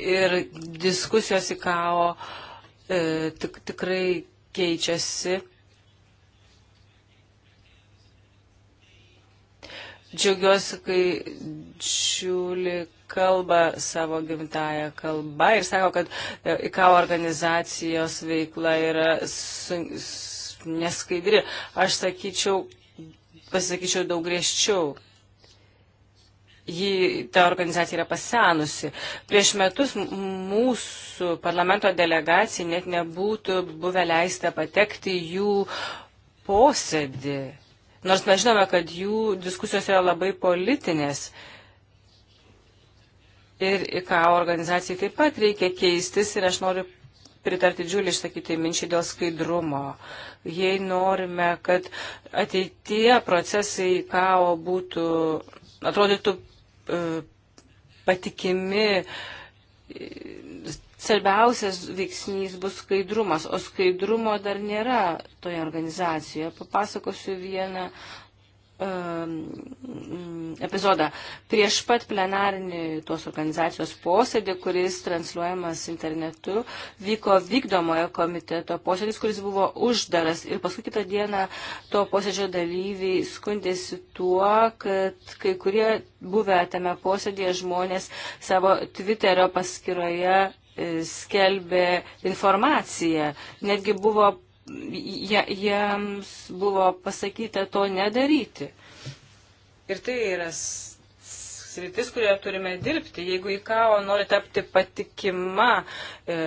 ir diskusijos į KAO e, tik, tikrai keičiasi. Džiaugiuosi, kai Čiulį kalba savo gimtają kalbą ir sako, kad IKAO e, organizacijos veikla yra neskaidri. Aš sakyčiau, pasakyčiau daug griežčiau jį, ta organizacija yra pasenusi. Prieš metus mūsų parlamento delegacijai net nebūtų buvę leista patekti jų posėdį. Nors mes žinome, kad jų diskusijos yra labai politinės. Ir į ką organizacijai taip pat reikia keistis ir aš noriu pritarti džiulį išsakyti minčiai dėl skaidrumo. Jei norime, kad ateitie procesai KAO būtų, atrodytų E, patikimi. Svarbiausias veiksnys bus skaidrumas, o skaidrumo dar nėra toje organizacijoje. Papasakosiu vieną Um, epizodą. Prieš pat plenarinį tos organizacijos posėdį, kuris transliuojamas internetu, vyko vykdomojo komiteto posėdis, kuris buvo uždaras. Ir paskui kitą dieną to posėdžio dalyviai skundėsi tuo, kad kai kurie buvę tame posėdėje žmonės savo Twitterio paskyroje e, skelbė informaciją. Netgi buvo je, jiems buvo pasakyta to nedaryti. Ir tai yra sritis, kurioje turime dirbti. Jeigu į ką nori tapti patikima e,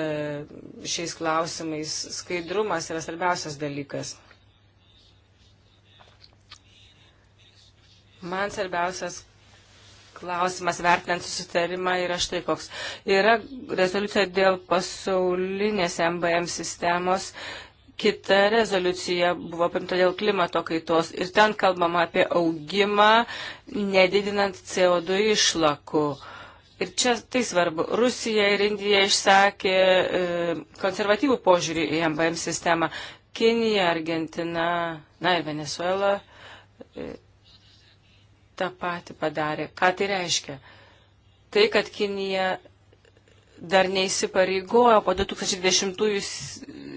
šiais klausimais, skaidrumas yra svarbiausias dalykas. Man svarbiausias klausimas vertinant susitarimą yra štai koks. Yra rezoliucija dėl pasaulinės MBM sistemos kita rezoliucija buvo primta dėl klimato kaitos ir ten kalbama apie augimą, nedidinant CO2 išlakų. Ir čia tai svarbu. Rusija ir Indija išsakė e, konservatyvų požiūrį į MBM sistemą. Kinija, Argentina, na ir Venezuela e, tą patį padarė. Ką tai reiškia? Tai, kad Kinija dar neįsipareigojo po 2010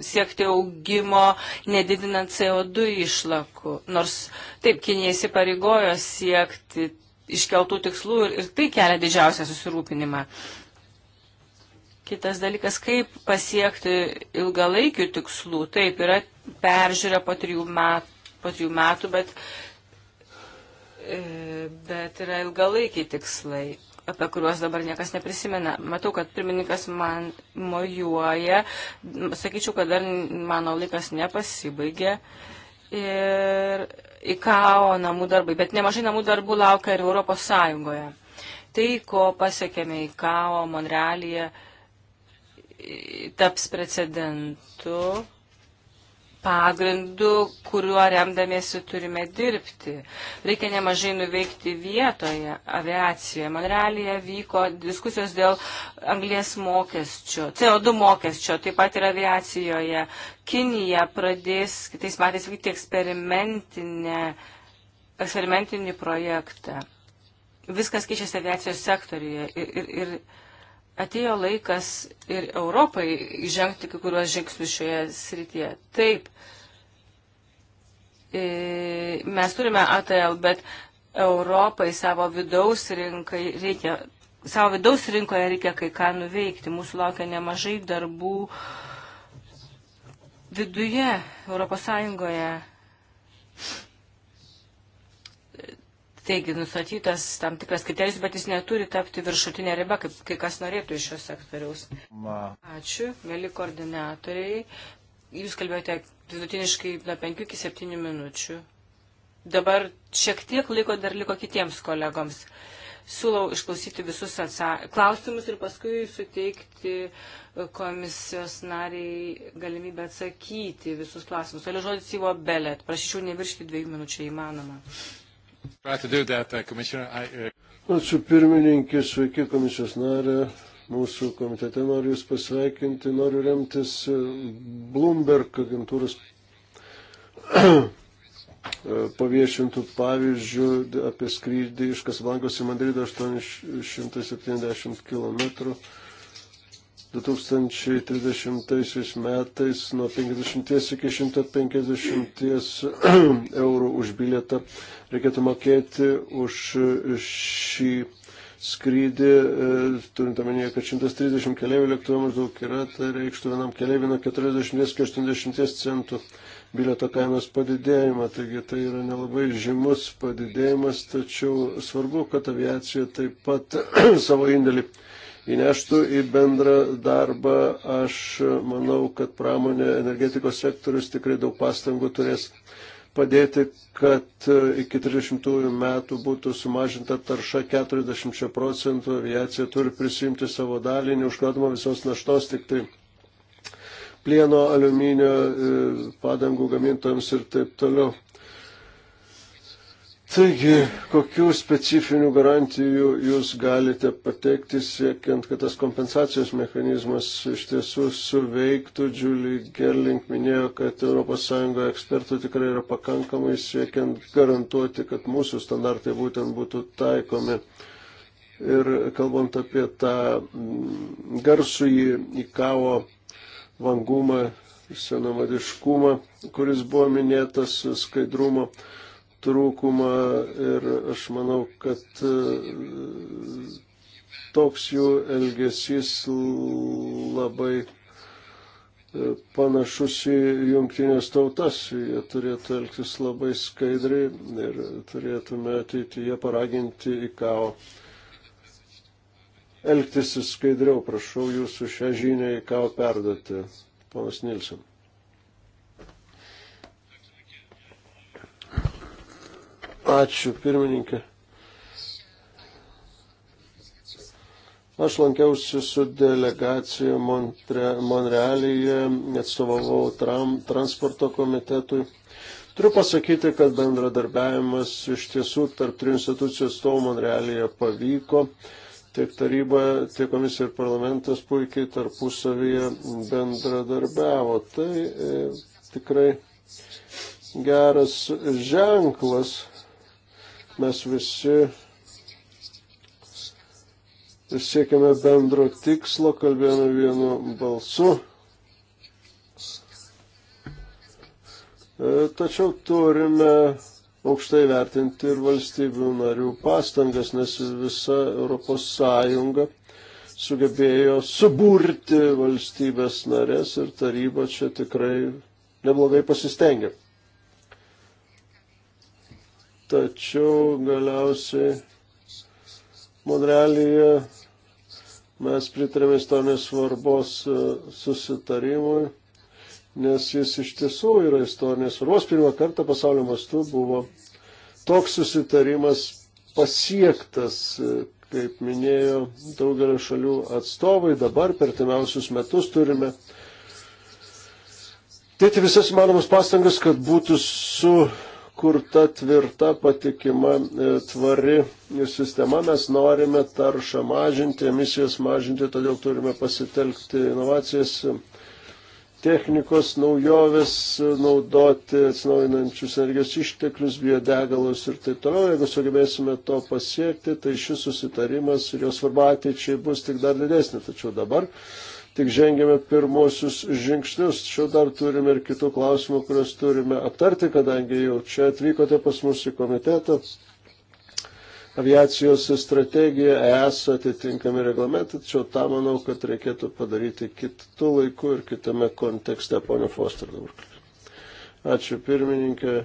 siekti augimo, nedidinant CO2 išlakų. Nors taip, Kinija įsipareigojo siekti iškeltų tikslų ir, ir tai kelia didžiausią susirūpinimą. Kitas dalykas, kaip pasiekti ilgalaikių tikslų. Taip, yra peržiūrė po trijų metų, po trijų metų bet, e, bet yra ilgalaikiai tikslai apie kuriuos dabar niekas neprisimena. Matau, kad pirmininkas man mojuoja. Sakyčiau, kad dar mano laikas nepasibaigė. Ir į KAO namų darbai, bet nemažai namų darbų laukia ir Europos Sąjungoje. Tai, ko pasiekėme į KAO Monrealyje, taps precedentu pagrindu, kuriuo remdamiesi turime dirbti. Reikia nemažai nuveikti vietoje aviacijoje. Monrealėje vyko diskusijos dėl anglės mokesčio, CO2 mokesčio, taip pat ir aviacijoje. Kinija pradės kitais metais vykti eksperimentinį projektą. Viskas keičiasi aviacijos sektoriuje ir, ir, ir atėjo laikas ir Europai žengti kai kuriuos žingsnius šioje srityje. Taip, e, mes turime ATL, bet Europai savo vidaus rinkai reikia. Savo vidaus rinkoje reikia kai ką nuveikti. Mūsų laukia nemažai darbų viduje, Europos Sąjungoje. Taigi, nustatytas tam tikras kriterijus, bet jis neturi tapti viršutinė riba, kaip kai kas norėtų iš šios sektoriaus. Ma. Ačiū, mėly koordinatoriai. Jūs kalbėjote vidutiniškai nuo 5 iki 7 minučių. Dabar šiek tiek laiko dar liko kitiems kolegoms. Siūlau išklausyti visus atsa... klausimus ir paskui suteikti komisijos nariai galimybę atsakyti visus klausimus. Toliau žodis įvo belet. Prašyčiau neviršti dviejų minučių įmanoma. Uh, uh, Ačiū pirmininkė, sveiki komisijos narė. Mūsų komitete noriu Jūs pasveikinti, noriu remtis uh, Bloomberg agentūros *clears throat* paviešintų pavyzdžių apie skrydį iš Kasvankos į Madridą 870 km 2030 metais nuo 50 iki 150 *clears throat* eurų už bilietą reikėtų mokėti už šį skrydį, e, turint omenyje, kad 130 keliaivių lėktuvo maždaug yra, tai reikštų vienam keliaiviui nuo 40 iki 80 centų bilieto kainos padidėjimą, taigi tai yra nelabai žymus padidėjimas, tačiau svarbu, kad aviacija taip pat *clears throat* savo indėlį įneštų į bendrą darbą. Aš manau, kad pramonė energetikos sektorius tikrai daug pastangų turės padėti, kad iki 30 metų būtų sumažinta tarša 40 procentų, aviacija turi prisimti savo dalį, neužkratoma visos naštos, tik tai plieno, aliuminio, e, padangų gamintojams ir taip toliau. Taigi, kokių specifinių garantijų jūs galite pateikti, siekiant, kad tas kompensacijos mechanizmas iš tiesų suveiktų? Julie Gerling minėjo, kad ES ekspertų tikrai yra pakankamai, siekiant garantuoti, kad mūsų standartai būtent būtų taikomi. Ir kalbant apie tą mm, garsų į įkavo vangumą, senamadiškumą, kuris buvo minėtas skaidrumo trūkumą ir aš manau, kad e, toks jų elgesys labai e, panašus į jungtinės tautas. Jie turėtų elgtis labai skaidriai ir turėtume ateityje paraginti į kao. Elgtis skaidriau, prašau jūsų šią žinią į kao perduoti. Ponas Nilsen. Ačiū, pirmininkė. Aš lankiausi su delegacija Montre, Monrealyje, atstovavau tram, transporto komitetui. Turiu pasakyti, kad bendradarbiavimas iš tiesų tarp trijų institucijų atstovų Monrealyje pavyko. Tiek taryba, tiek komisija ir parlamentas puikiai tarpusavyje bendradarbiavo. Tai e, tikrai geras ženklas Mes visi siekime bendro tikslo, kalbėjome vienu balsu. E, tačiau turime aukštai vertinti ir valstybių narių pastangas, nes visa Europos Sąjunga sugebėjo suburti valstybės narės ir taryba čia tikrai neblogai pasistengė. Tačiau galiausiai Monrealyje mes pritarėme istorinės svarbos e, susitarimui, nes jis iš tiesų yra istorinės svarbos. Pirmą kartą pasaulio mastu buvo toks susitarimas pasiektas, e, kaip minėjo daugelio šalių atstovai. Dabar per timiausius metus turime dėti visas įmanomas pastangas, kad būtų su kurta tvirta, patikima, e, tvari sistema. Mes norime taršą mažinti, emisijas mažinti, todėl turime pasitelkti inovacijas, technikos naujovės, naudoti atsinaujinančius energijos išteklius, biodegalus ir taip toliau. Jeigu sugebėsime to pasiekti, tai šis susitarimas ir jo svarba ateičiai bus tik dar didesnė. Tačiau dabar tik žengėme pirmosius žingsnius. Šiuo dar turime ir kitų klausimų, kuriuos turime aptarti, kadangi jau čia atvykote pas mus į komitetą. Aviacijos strategija ES atitinkami reglamentai, tačiau tą manau, kad reikėtų padaryti kitų laikų ir kitame kontekste, ponio Foster dabar. Ačiū pirmininkė,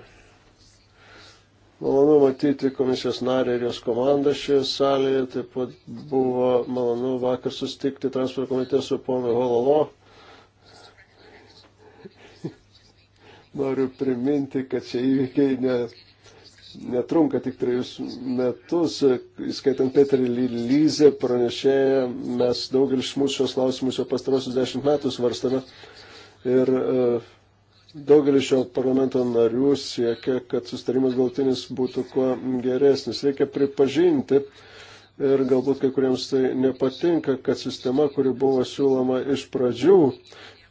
Malonu matyti komisijos narį ir jos komandą šioje salėje. Taip pat buvo malonu vakar sustikti transporto komitete su ponu Hololo. *laughs* Noriu priminti, kad šie įvykiai ne, netrunka tik trejus metus, įskaitant Petrį Lyzę pranešėją, mes daugelis iš mūsų šios klausimus jau pastarosius dešimt metų svarstame. Ir uh, Daugelis šio parlamento narių siekia, kad sustarimas galtinis būtų kuo geresnis. Reikia pripažinti ir galbūt kai kuriems tai nepatinka, kad sistema, kuri buvo siūloma iš pradžių,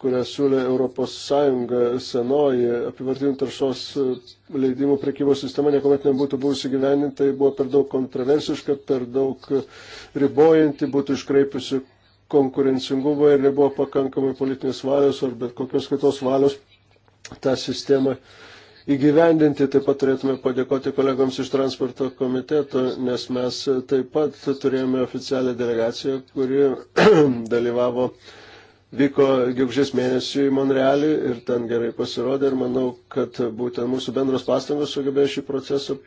kurią siūlė ES senoji apivartinių taršos leidimų prekybos sistema, niekuomet nebūtų buvusi gyveninta, tai buvo per daug kontroversiška, per daug ribojanti, būtų iškreipusi konkurencingumą ir nebuvo pakankamai politinės valios ar bet kokios kitos valios tą sistemą įgyvendinti. Taip pat turėtume padėkoti kolegoms iš transporto komiteto, nes mes taip pat turėjome oficialią delegaciją, kuri *clears throat* dalyvavo, vyko gegužės mėnesį į Monrealį ir ten gerai pasirodė ir manau, kad būtent mūsų bendros pastangos sugebėjo šį procesą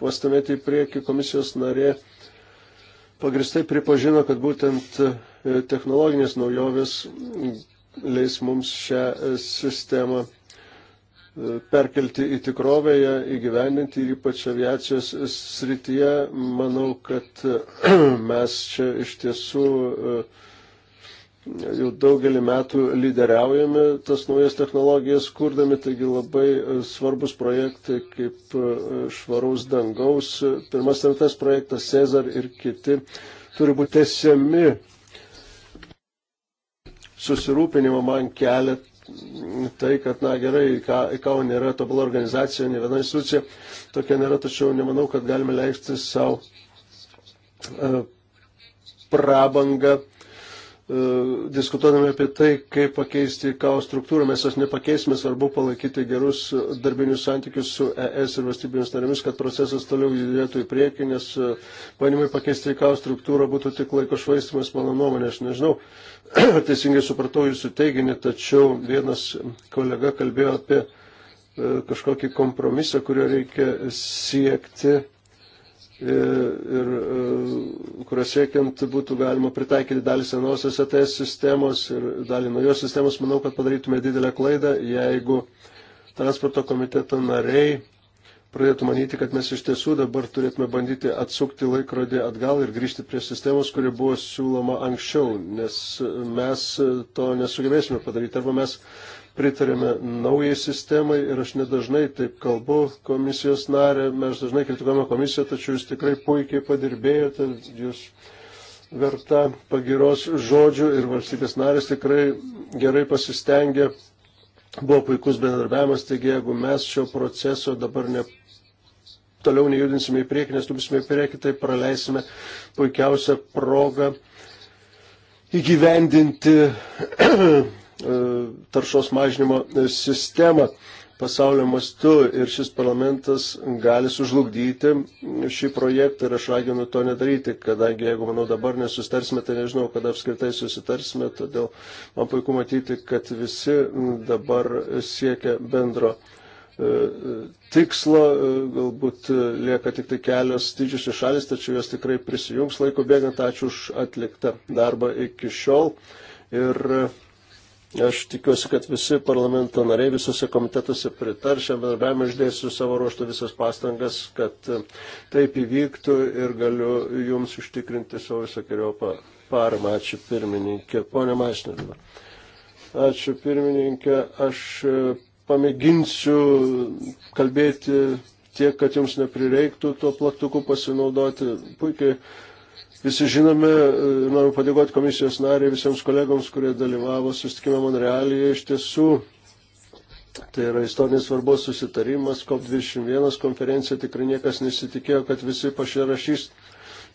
pastumėti į priekį komisijos narė. Pagristai pripažino, kad būtent technologinės naujovės leis mums šią e, sistemą e, perkelti į tikrovėje, įgyvendinti ir ypač aviacijos srityje. Manau, kad e, *clears throat* mes čia iš tiesų jau daugelį metų lyderiaujame tas naujas technologijas kurdami, taigi labai svarbus projektai kaip švaraus dangaus, pirmas antras projektas Cezar ir kiti turi būti tesiami susirūpinimą man kelia tai, kad, na gerai, ICAO nėra tobulą organizaciją, ne viena institucija tokia nėra, tačiau nemanau, kad galime leisti savo e, prabangą E, diskutuodami apie tai, kaip pakeisti KAO struktūrą, mes jos nepakeisime, svarbu palaikyti gerus darbinius santykius su ES ir valstybėmis narėmis, kad procesas toliau judėtų į priekį, nes e, bandymai pakeisti KAO struktūrą būtų tik laiko švaistimas, mano nuomonė, aš nežinau, *clears throat* teisingai supratau jūsų teiginį, tačiau vienas kolega kalbėjo apie e, kažkokį kompromisą, kurio reikia siekti ir e, kurios siekiant būtų galima pritaikyti dalį senosios ATS e sistemos ir dalį naujos sistemos, manau, kad padarytume didelę klaidą, jeigu transporto komiteto nariai pradėtų manyti, kad mes iš tiesų dabar turėtume bandyti atsukti laikrodį atgal ir grįžti prie sistemos, kuri buvo siūloma anksčiau, nes mes to nesugebėsime padaryti. Arba mes pritarėme naujai sistemai ir aš nedažnai taip kalbu komisijos narė, mes dažnai kritikuojame komisiją, tačiau jūs tikrai puikiai padirbėjote, jūs verta pagiros žodžių ir valstybės narės tikrai gerai pasistengė, buvo puikus bendarbiavimas, taigi jeigu mes šio proceso dabar ne, toliau nejudinsime į priekį, nestumsime į priekį, tai praleisime puikiausią progą įgyvendinti E, taršos mažinimo sistemą pasaulio mastu ir šis parlamentas gali sužlugdyti šį projektą ir aš raginu to nedaryti, kadangi jeigu, manau, dabar nesustarsime, tai nežinau, kada apskritai susitarsime, todėl man puiku matyti, kad visi dabar siekia bendro e, tikslo, e, galbūt lieka tik tai kelios didžiosios šalis, tačiau jos tikrai prisijungs laiko bėgant, ačiū už atliktą darbą iki šiol. Ir Aš tikiuosi, kad visi parlamento nariai visose komitetuose pritar šiam bendrabiam išdėsiu savo ruoštų visas pastangas, kad e, taip įvyktų ir galiu jums užtikrinti savo visokiojo paramą. Ačiū pirmininkė. Pone Maisner. Ačiū pirmininkė. Aš e, pamėginsiu kalbėti tiek, kad jums neprireiktų tuo plaktuku pasinaudoti. Puikiai Visi žinome, e, noriu padėkoti komisijos nariai visiems kolegoms, kurie dalyvavo susitikime Monrealyje. Iš tiesų, tai yra istorinės svarbos susitarimas, COP21 konferencija tikrai niekas nesitikėjo, kad visi paširašys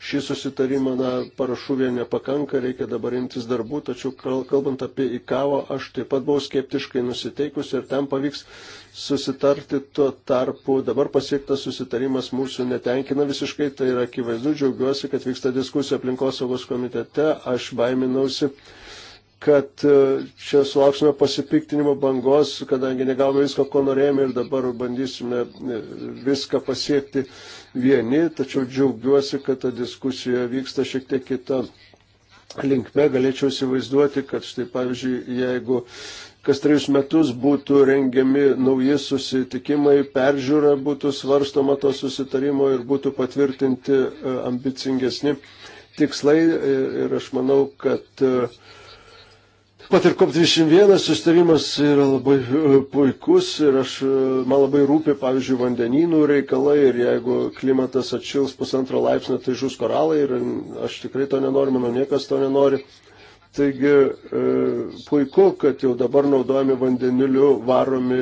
šį susitarimą na, parašų vien nepakanka, reikia dabar imtis darbų, tačiau kalbant apie įkavo, aš taip pat buvau skeptiškai nusiteikus ir ten pavyks susitarti tuo tarpu. Dabar pasiektas susitarimas mūsų netenkina visiškai, tai yra akivaizdu, džiaugiuosi, kad vyksta diskusija aplinkosaugos komitete, aš baiminausi kad e, čia sulauksime pasipiktinimo bangos, kadangi negavome visko, ko norėjome ir dabar bandysime e, viską pasiekti vieni, tačiau džiaugiuosi, kad ta diskusija vyksta šiek tiek kita linkme. Galėčiau įsivaizduoti, kad štai pavyzdžiui, jeigu kas trejus metus būtų rengiami nauji susitikimai, peržiūra būtų svarstoma to susitarimo ir būtų patvirtinti e, ambicingesni tikslai ir aš manau, kad uh, Pat ir COP21 sustarimas yra labai e, puikus ir aš, e, man labai rūpi, pavyzdžiui, vandenynų reikalai ir jeigu klimatas atšils pusantro laipsnio, tai žus koralai ir aš tikrai to nenoriu, manau, niekas to nenori. Taigi e, puiku, kad jau dabar naudojami vandeniliu varomi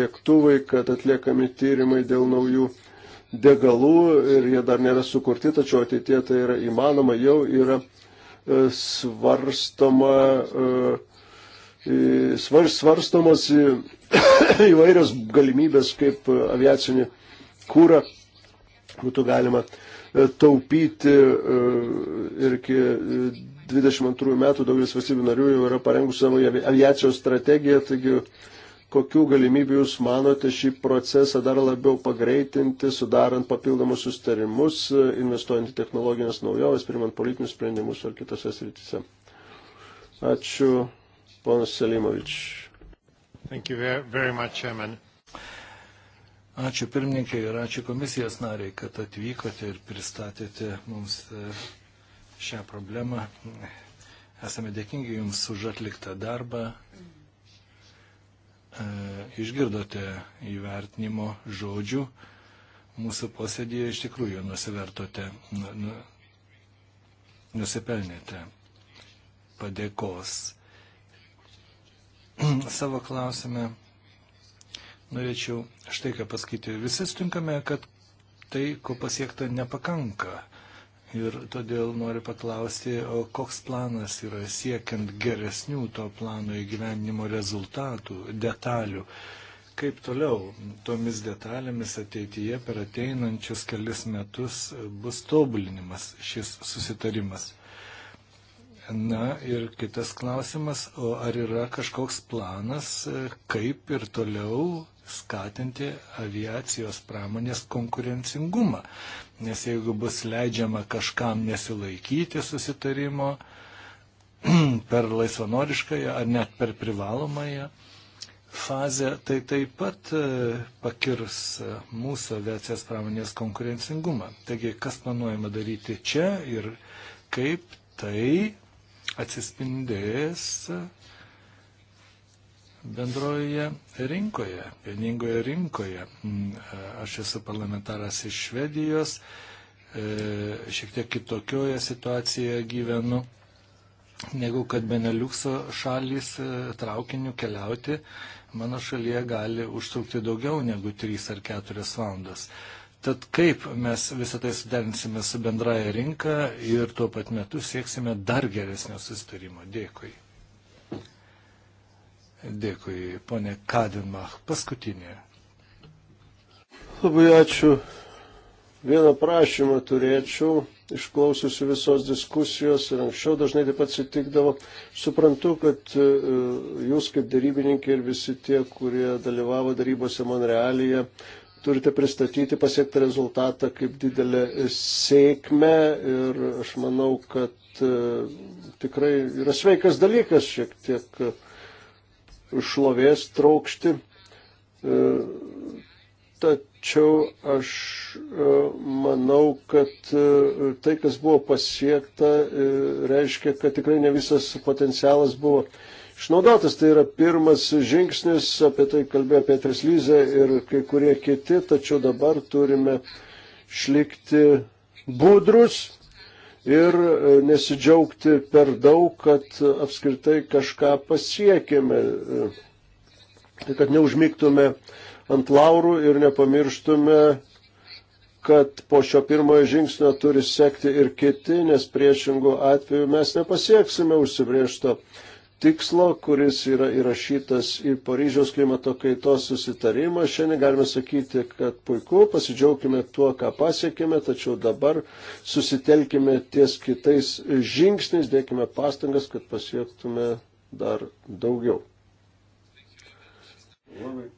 lėktuvai, kad atliekami tyrimai dėl naujų degalų ir jie dar nėra sukurti, tačiau ateitie tai yra įmanoma, jau yra svarstoma, e, e, svar, svarstomas *coughs* įvairios galimybės, kaip aviacinį kūrą būtų galima e, taupyti ir iki 22 metų daugelis valstybių narių jau yra parengusi savo aviacijos strategiją, taigi kokių galimybių jūs manote šį procesą dar labiau pagreitinti, sudarant papildomus sustarimus, investuojant į technologinės naujoves, primant politinius sprendimus ar kitose srityse. Ačiū, ponas Selimovič. Ačiū pirmininkai ir ačiū komisijos nariai, kad atvykote ir pristatėte mums e, šią problemą. Esame dėkingi Jums už atliktą darbą. Mm E, išgirdote įvertinimo žodžių mūsų posėdėje, iš tikrųjų nusivertote, nu, nu, nusipelnėte padėkos. *clears throat* Savo klausime norėčiau štai ką pasakyti. Visi sutinkame, kad tai, ko pasiekta, nepakanka. Ir todėl noriu paklausti, o koks planas yra siekiant geresnių to plano įgyvenimo rezultatų, detalių. Kaip toliau tomis detalėmis ateityje per ateinančius kelius metus bus tobulinimas šis susitarimas. Na ir kitas klausimas, o ar yra kažkoks planas, kaip ir toliau skatinti aviacijos pramonės konkurencingumą nes jeigu bus leidžiama kažkam nesilaikyti susitarimo *clears throat* per laisvanoriškąją ar net per privalomąją fazę, tai taip pat e, pakirs e, mūsų aviacijos pramonės konkurencingumą. Taigi, kas planuojama daryti čia ir kaip tai atsispindės bendroje rinkoje, vieningoje rinkoje. Mm, e, aš esu parlamentaras iš Švedijos, e, šiek tiek kitokioje situacijoje gyvenu, negu kad Beneliukso šalys e, traukiniu keliauti mano šalyje gali užtrukti daugiau negu 3 ar 4 valandas. Tad kaip mes visą tai suderinsime su bendraja rinka ir tuo pat metu sieksime dar geresnio sustarimo. Dėkui. Dėkui, ponė Kadinmach. Paskutinė. Labai ačiū. Vieną prašymą turėčiau, išklausiusi visos diskusijos ir anksčiau dažnai taip pat sitikdavo. Suprantu, kad e, jūs kaip darybininkai ir visi tie, kurie dalyvavo darybose Monrealyje, turite pristatyti pasiektą rezultatą kaip didelę sėkmę ir aš manau, kad e, tikrai yra sveikas dalykas šiek tiek šlovės traukšti. E, tačiau aš e, manau, kad e, tai, kas buvo pasiekta, reiškia, kad tikrai ne visas potencialas buvo išnaudotas. Tai yra pirmas žingsnis, apie tai kalbėjo Petras Lyze ir kai kurie kiti, tačiau dabar turime išlikti budrus ir e, nesidžiaugti per daug, kad apskritai kažką pasiekėme, e, kad neužmygtume ant laurų ir nepamirštume, kad po šio pirmojo žingsnio turi sekti ir kiti, nes priešingų atveju mes nepasieksime užsibriešto tikslo, kuris yra įrašytas į Paryžiaus klimato kaitos susitarimą. Šiandien galime sakyti, kad puiku, pasidžiaugime tuo, ką pasiekime, tačiau dabar susitelkime ties kitais žingsniais, dėkime pastangas, kad pasiektume dar daugiau. Labai.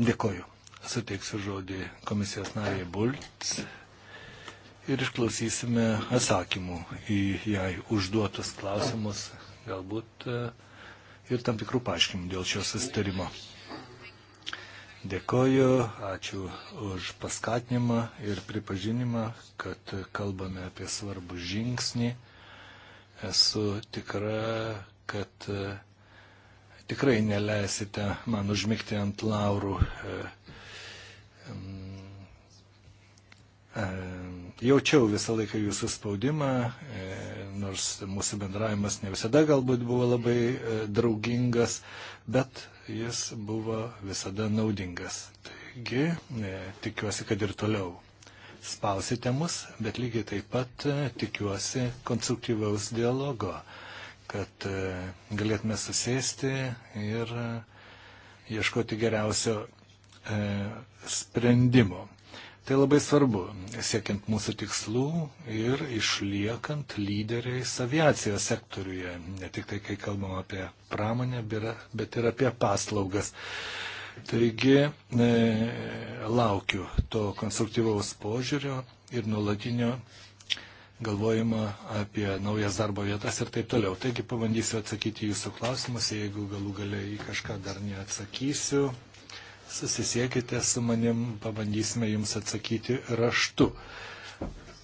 Dėkoju. Suteiksiu žodį komisijos nariai Bults ir išklausysime atsakymų į jai užduotus klausimus. Aha galbūt e, ir tam tikrų paaiškinimų dėl šio susitarimo. Dėkoju, ačiū už paskatinimą ir pripažinimą, kad kalbame apie svarbų žingsnį. Esu tikra, kad e, tikrai neleisite man užmigti ant laurų. E, jaučiau visą laiką jūsų spaudimą nors mūsų bendravimas ne visada galbūt buvo labai e, draugingas, bet jis buvo visada naudingas. Taigi, e, tikiuosi, kad ir toliau spausite mus, bet lygiai taip pat e, tikiuosi konstruktyvaus dialogo, kad galėtume susėsti ir ieškoti geriausio sprendimo. Tai labai svarbu, siekiant mūsų tikslų ir išliekant lyderiais aviacijos sektoriuje, ne tik tai, kai kalbam apie pramonę, bet ir apie paslaugas. Taigi e, laukiu to konstruktyvaus požiūrio ir nuolatinio galvojimo apie naujas darbo vietas ir taip toliau. Taigi pabandysiu atsakyti jūsų klausimus, jeigu galų galiai kažką dar neatsakysiu, susisiekite su manim, pabandysime jums atsakyti raštu.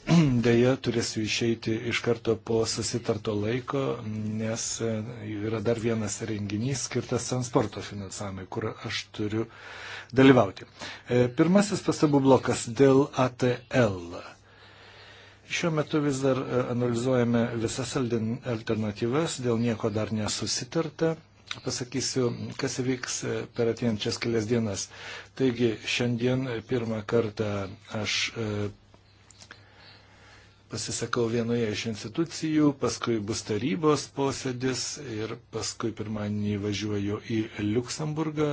*clears throat* Deja, turėsiu išeiti iš karto po susitarto laiko, nes e, yra dar vienas renginys skirtas transporto finansavimui, kur aš turiu dalyvauti. E, pirmasis pastabų blokas dėl ATL. Šiuo metu vis dar e, analizuojame visas alternatyvas, dėl nieko dar nesusitarta pasakysiu, kas vyks e, per atėjančias kelias dienas. Taigi, šiandien e, pirmą kartą aš e, pasisakau vienoje iš institucijų, paskui bus tarybos posėdis ir paskui pirmadienį važiuoju į Luksemburgą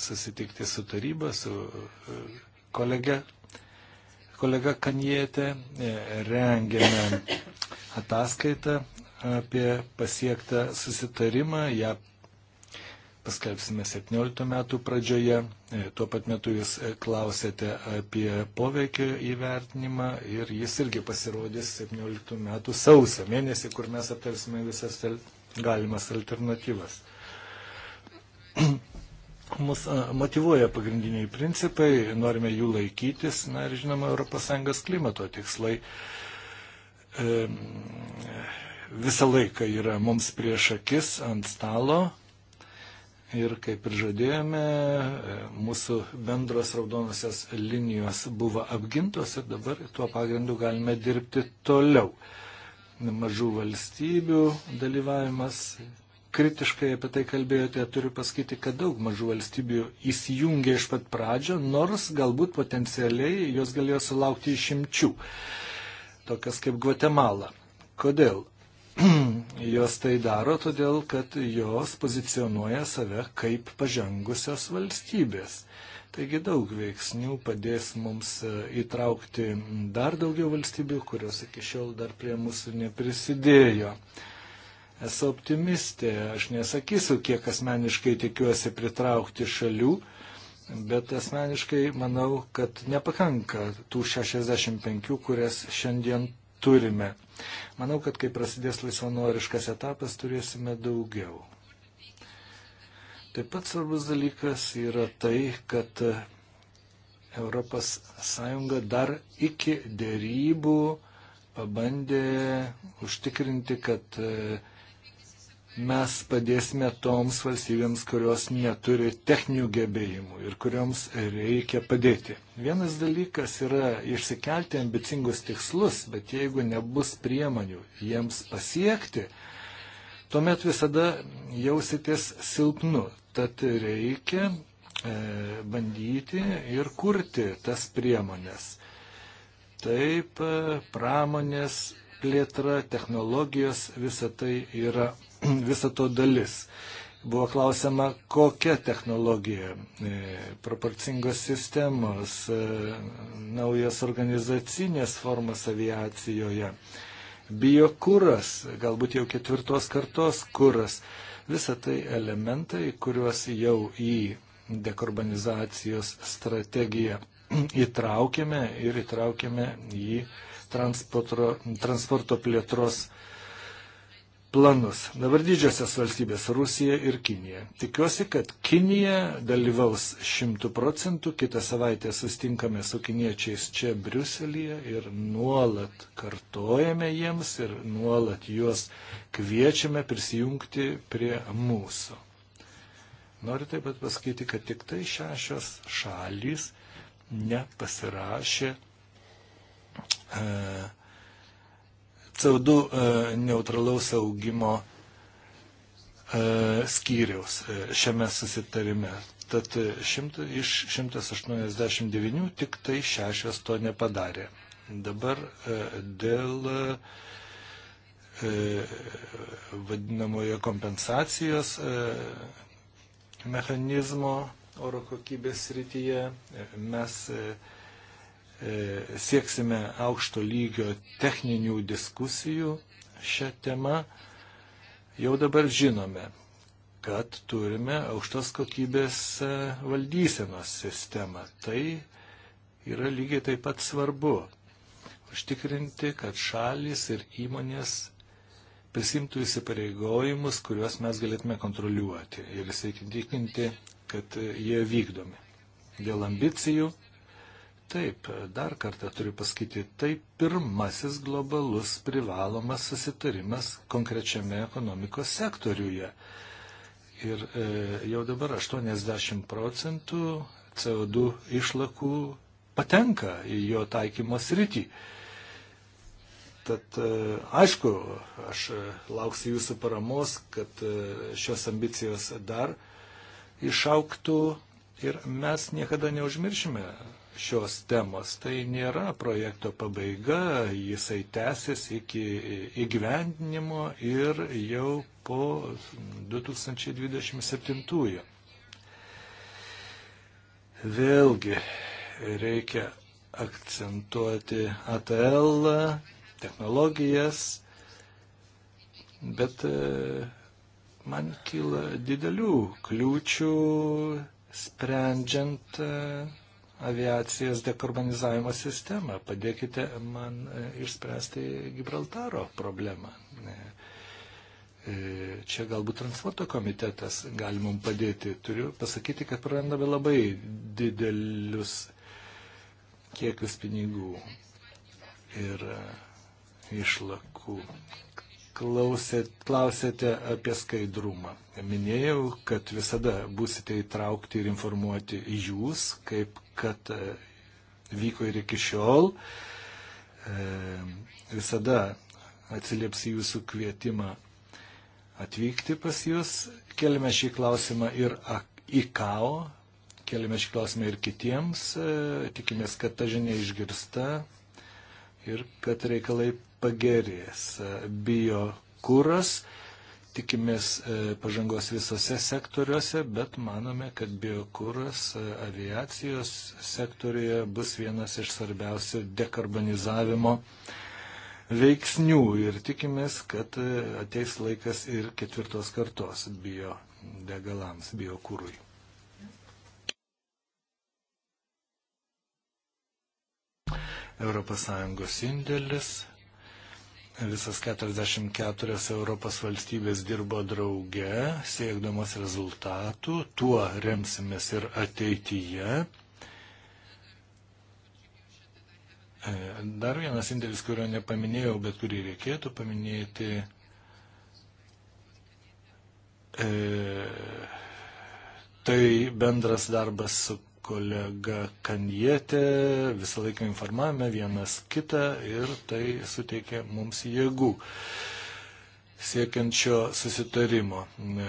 susitikti su taryba, su kolege, kolega Kanjėte, rengiame ataskaitą apie pasiektą susitarimą. Ja paskelbsime 17 metų pradžioje. E, tuo pat metu jūs e, klausėte apie poveikio įvertinimą ir jis irgi pasirodys 17 metų sausio mėnesį, kur mes aptarsime visas galimas alternatyvas. *clears throat* Mus motivuoja pagrindiniai principai, norime jų laikytis, na ir žinoma, ES klimato tikslai. E, visą laiką yra mums prieš akis ant stalo. Ir kaip ir žadėjome, mūsų bendros raudonosios linijos buvo apgintos ir dabar tuo pagrindu galime dirbti toliau. Mažų valstybių dalyvavimas, kritiškai apie tai kalbėjote, turiu pasakyti, kad daug mažų valstybių įsijungė iš pat pradžio, nors galbūt potencialiai jos galėjo sulaukti išimčių, tokias kaip Guatemala. Kodėl? *clears throat* jos tai daro todėl, kad jos pozicionuoja save kaip pažengusios valstybės. Taigi daug veiksnių padės mums e, įtraukti dar daugiau valstybių, kurios iki šiol dar prie mūsų neprisidėjo. Esu optimistė, aš nesakysiu, kiek asmeniškai tikiuosi pritraukti šalių, bet asmeniškai manau, kad nepakanka tų 65, kurias šiandien turime. Manau, kad kai prasidės laisvanoriškas etapas, turėsime daugiau. Taip pat svarbus dalykas yra tai, kad ES dar iki dėrybų pabandė užtikrinti, kad mes padėsime toms valstybėms, kurios neturi techninių gebėjimų ir kurioms reikia padėti. Vienas dalykas yra išsikelti ambicingus tikslus, bet jeigu nebus priemonių jiems pasiekti, tuomet visada jausitės silpnu. Tad reikia e, bandyti ir kurti tas priemonės. Taip, e, pramonės plėtra, technologijos, visa tai yra *clears throat* viso to dalis. Buvo klausima, kokia technologija, e, proporcingos sistemos, e, naujas organizacinės formas aviacijoje, biokūras, galbūt jau ketvirtos kartos kūras. Visa tai elementai, kuriuos jau į dekarbonizacijos strategiją *clears throat* įtraukėme ir įtraukėme į transporto, transporto plėtros strategiją planus. Dabar didžiosios valstybės - Rusija ir Kinija. Tikiuosi, kad Kinija dalyvaus šimtų procentų. Kitą savaitę sustinkame su kiniečiais čia Briuselėje ir nuolat kartojame jiems ir nuolat juos kviečiame prisijungti prie mūsų. Noriu taip pat pasakyti, kad tik tai šešios šalys nepasirašė. Uh, e, CO2 e, neutralaus augimo e, skyriaus e, šiame susitarime. Tad šimt, iš 189 tik tai šešios to nepadarė. Dabar dėl vadinamojo kompensacijos mechanizmo oro kokybės srityje mes E, sieksime aukšto lygio techninių diskusijų šią temą, jau dabar žinome, kad turime aukštos kokybės e, valdysenos sistemą. Tai yra lygiai taip pat svarbu užtikrinti, kad šalis ir įmonės prisimtų įsipareigojimus, kuriuos mes galėtume kontroliuoti ir įsitikinti, kad jie vykdomi. Dėl ambicijų Taip, dar kartą turiu pasakyti, tai pirmasis globalus privalomas susitarimas konkrečiame ekonomikos sektoriuje. Ir e, jau dabar 80 procentų CO2 išlakų patenka į jo taikymo sritį. Tad e, aišku, aš e, lauksiu jūsų paramos, kad e, šios ambicijos dar išauktų ir mes niekada neužmiršime šios temos. Tai nėra projekto pabaiga, jisai tęsis iki įgyvendinimo ir jau po 2027. -ųjų. Vėlgi reikia akcentuoti ATL technologijas, bet e, man kyla didelių kliūčių sprendžiant e, aviacijos dekarbonizavimo sistemą, padėkite man e, išspręsti Gibraltaro problemą. E, e, čia galbūt transporto komitetas gali mums padėti. Turiu pasakyti, kad prarandame labai didelius kiekius pinigų ir išlakų klausėt, klausėte apie skaidrumą. Minėjau, kad visada būsite įtraukti ir informuoti jūs, kaip kad e, vyko ir iki šiol. E, visada atsilieps jūsų kvietimą atvykti pas jūs. Keliame šį klausimą ir IKAO, keliame šį klausimą ir kitiems. E, tikimės, kad ta žinia išgirsta ir kad reikalai pagerės. E, bio kuras, tikimės e, pažangos visose sektoriuose, bet manome, kad biokuras e, aviacijos sektoriuje bus vienas iš svarbiausių dekarbonizavimo veiksnių ir tikimės, kad ateis laikas ir ketvirtos kartos bio degalams, biokūrui. ES indėlis Visas 44 Europos valstybės dirbo drauge, siekdamas rezultatų, tuo remsimės ir ateityje. E, dar vienas indėlis, kurio nepaminėjau, bet kurį reikėtų paminėti. E, tai bendras darbas su kolega Kandietė, visą laiką informavome vienas kitą ir tai suteikė mums jėgų siekiančio susitarimo. E, e,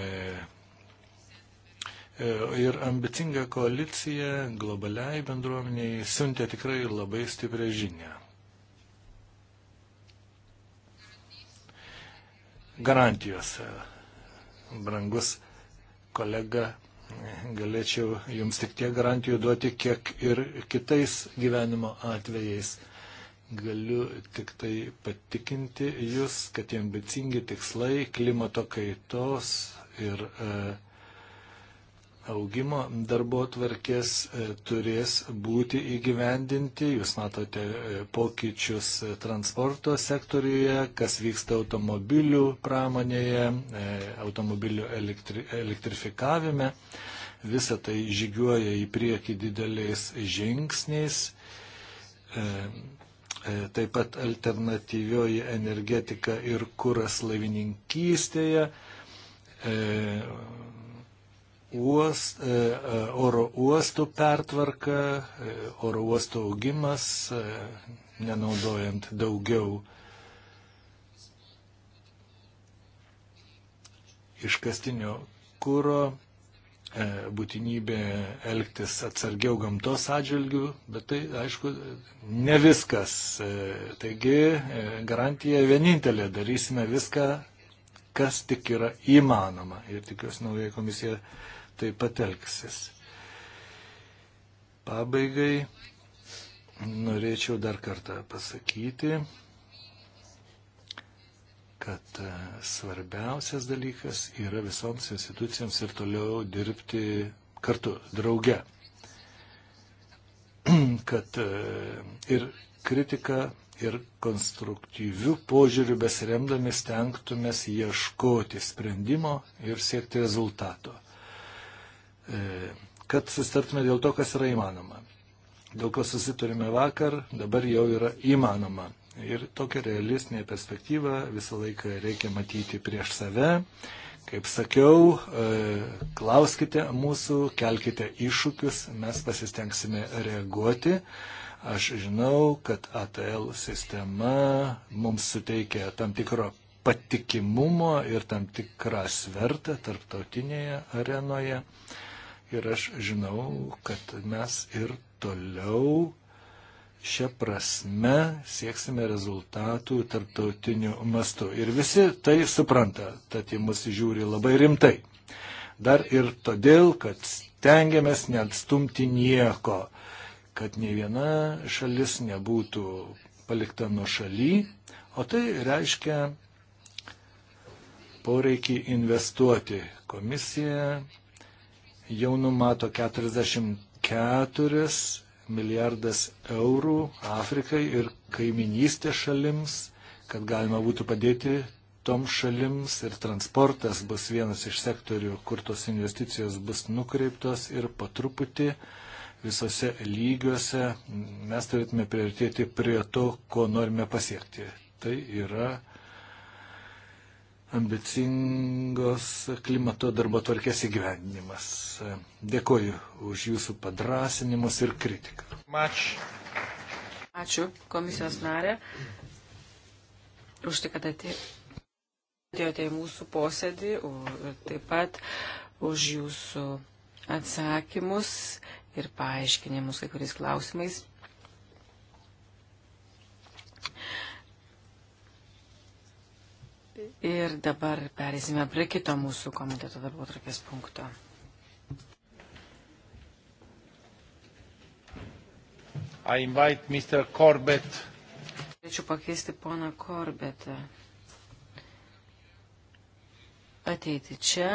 ir ambicinga koalicija globaliai bendruomeniai siuntė tikrai labai stiprią žinią. Garantijos, brangus kolega Galėčiau jums tik tiek garantijų duoti, kiek ir kitais gyvenimo atvejais. Galiu tik tai patikinti jūs, kad tie ambicingi tikslai klimato kaitos ir e, augimo darbo tvarkės e, turės būti įgyvendinti. Jūs matote e, pokyčius e, transporto sektoriuje, kas vyksta automobilių pramonėje, automobilių elektri elektrifikavime. Visa tai žygiuoja į priekį dideliais žingsniais. Taip pat alternatyvioji energetika ir kuras laivininkystėje uost, e, e, oro uostų pertvarka, e, oro uostų augimas, nenaudojant daugiau iškastinio kūro, būtinybė elgtis atsargiau gamtos atžvilgių, bet tai, aišku, ne viskas. Taigi, garantija vienintelė, darysime viską, kas tik yra įmanoma. Ir tikiuosi, nauja komisija taip pat elgsis. Pabaigai norėčiau dar kartą pasakyti, kad e, svarbiausias dalykas yra visoms institucijoms ir toliau dirbti kartu, drauge. *clears throat* Kad e, ir kritika, ir konstruktyvių požiūrių besiremdami stengtumės ieškoti sprendimo ir siekti rezultato. E, kad sustartume dėl to, kas yra įmanoma. Dėl ko susiturime vakar, dabar jau yra įmanoma. Ir tokią realistinę perspektyvą visą laiką reikia matyti prieš save. Kaip sakiau, e, klauskite mūsų, kelkite iššūkius, mes pasistengsime reaguoti. Aš žinau, kad ATL sistema mums suteikia tam tikro patikimumo ir tam tikrą svertą tarptautinėje arenoje. Ir aš žinau, kad mes ir toliau šią prasme sieksime rezultatų tarptautiniu mastu. Ir visi tai supranta, tad jie mus žiūri labai rimtai. Dar ir todėl, kad stengiamės neatstumti nieko, kad ne viena šalis nebūtų palikta nuo šaly, o tai reiškia poreikį investuoti. Komisija jau numato 44 milijardas eurų Afrikai ir kaiminystės šalims, kad galima būtų padėti toms šalims ir transportas bus vienas iš sektorių, kur tos investicijos bus nukreiptos ir po truputį visose lygiuose mes turėtume prioritėti prie to, ko norime pasiekti. Tai yra ambicingos klimato darbo tvarkės įgyvendinimas. Dėkoju už jūsų padrasinimus ir kritiką. Mač. Ačiū komisijos narė už tai, kad atėjote į mūsų posėdį ir taip pat už jūsų atsakymus ir paaiškinimus kai kuriais klausimais. Ir dabar perėsime prie kito mūsų komiteto darbo trakės punkto. I invite Mr. Corbett. Norėčiau pakeisti poną Corbettą. Ateiti čia.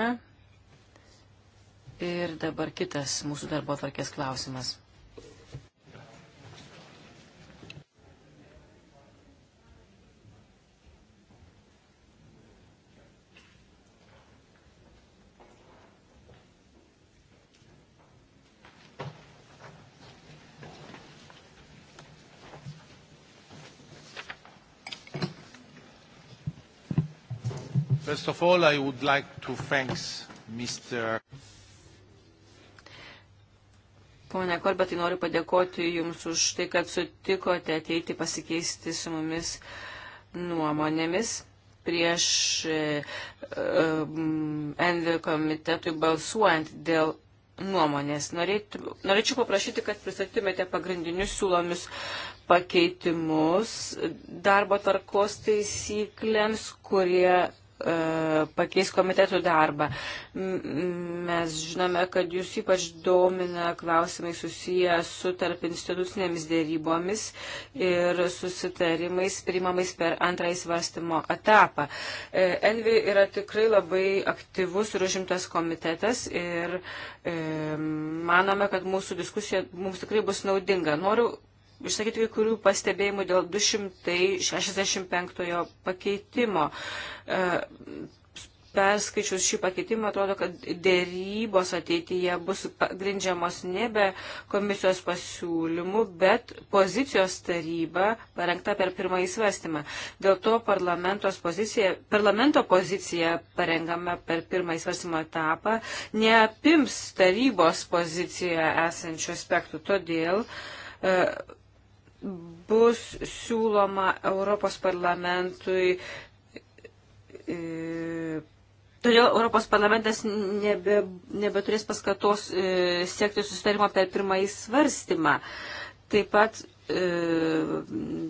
Ir dabar kitas mūsų darbo tvarkės klausimas. First of all, I would like to thanks Mr. Pone Korbetai, noriu padėkoti Jums už tai, kad sutikote ateiti pasikeisti su mumis nuomonėmis prieš e, e, Envi komitetui balsuojant dėl nuomonės. Norėtų, norėčiau paprašyti, kad pristatytumėte pagrindinius siūlomis pakeitimus darbo tvarkos taisyklėms, kurie E, pakeis komitetų darbą. Mes žinome, kad jūs ypač domina klausimai susiję su tarp institucinėmis dėrybomis ir susitarimais primamais per antrąjį svarstymo etapą. E, Envi yra tikrai labai aktyvus ir užimtas komitetas ir e, manome, kad mūsų diskusija mums tikrai bus naudinga. Noriu išsakyti kai kurių pastebėjimų dėl 265 pakeitimo. E, perskaičius šį pakeitimą atrodo, kad dėrybos ateityje bus grindžiamos nebe komisijos pasiūlymų, bet pozicijos taryba parengta per pirmąjį svarstymą. Dėl to pozicija, parlamento pozicija parengama per pirmąjį svarstymo etapą neapims tarybos pozicijoje esančių aspektų. Todėl uh, bus siūloma Europos parlamentui. E, todėl Europos parlamentas nebe, nebeturės paskatos e, siekti susitarimo per pirmąjį svarstymą. Taip pat e,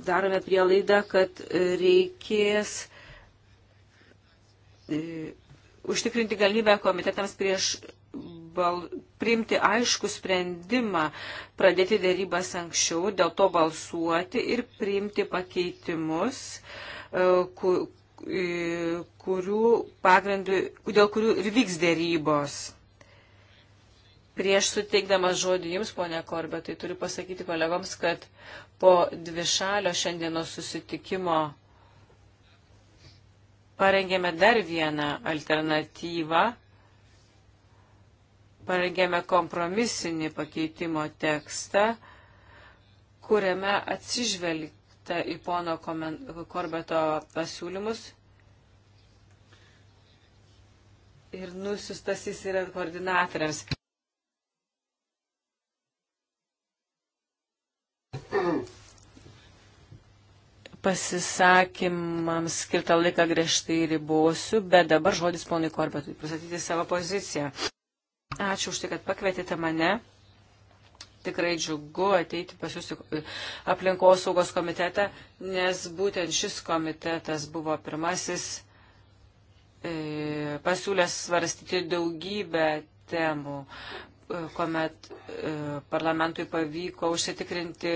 darome prielaidą, kad reikės e, užtikrinti galimybę komitetams prieš bal, priimti aišku sprendimą, pradėti dėrybas anksčiau, dėl to balsuoti ir priimti pakeitimus, e, kur, e, kurių pagrindų, dėl kurių ir vyks dėrybos. Prieš suteikdamas žodį Jums, ponia Korbė, tai turiu pasakyti kolegoms, kad po dvišalio šiandieno susitikimo parengėme dar vieną alternatyvą parengėme kompromisinį pakeitimo tekstą, kuriame atsižvelgta į pono Korbeto pasiūlymus. Ir nusistas jis yra koordinatoriams. pasisakymams skirtą laiką griežtai ribosiu, bet dabar žodis ponui Korbetui pristatyti savo poziciją. Ačiū už tai, kad pakvietėte mane. Tikrai džiugu ateiti pas jūsų aplinkosaugos komitetą, nes būtent šis komitetas buvo pirmasis e, pasiūlęs svarstyti daugybę temų e, kuomet e, parlamentui pavyko užsitikrinti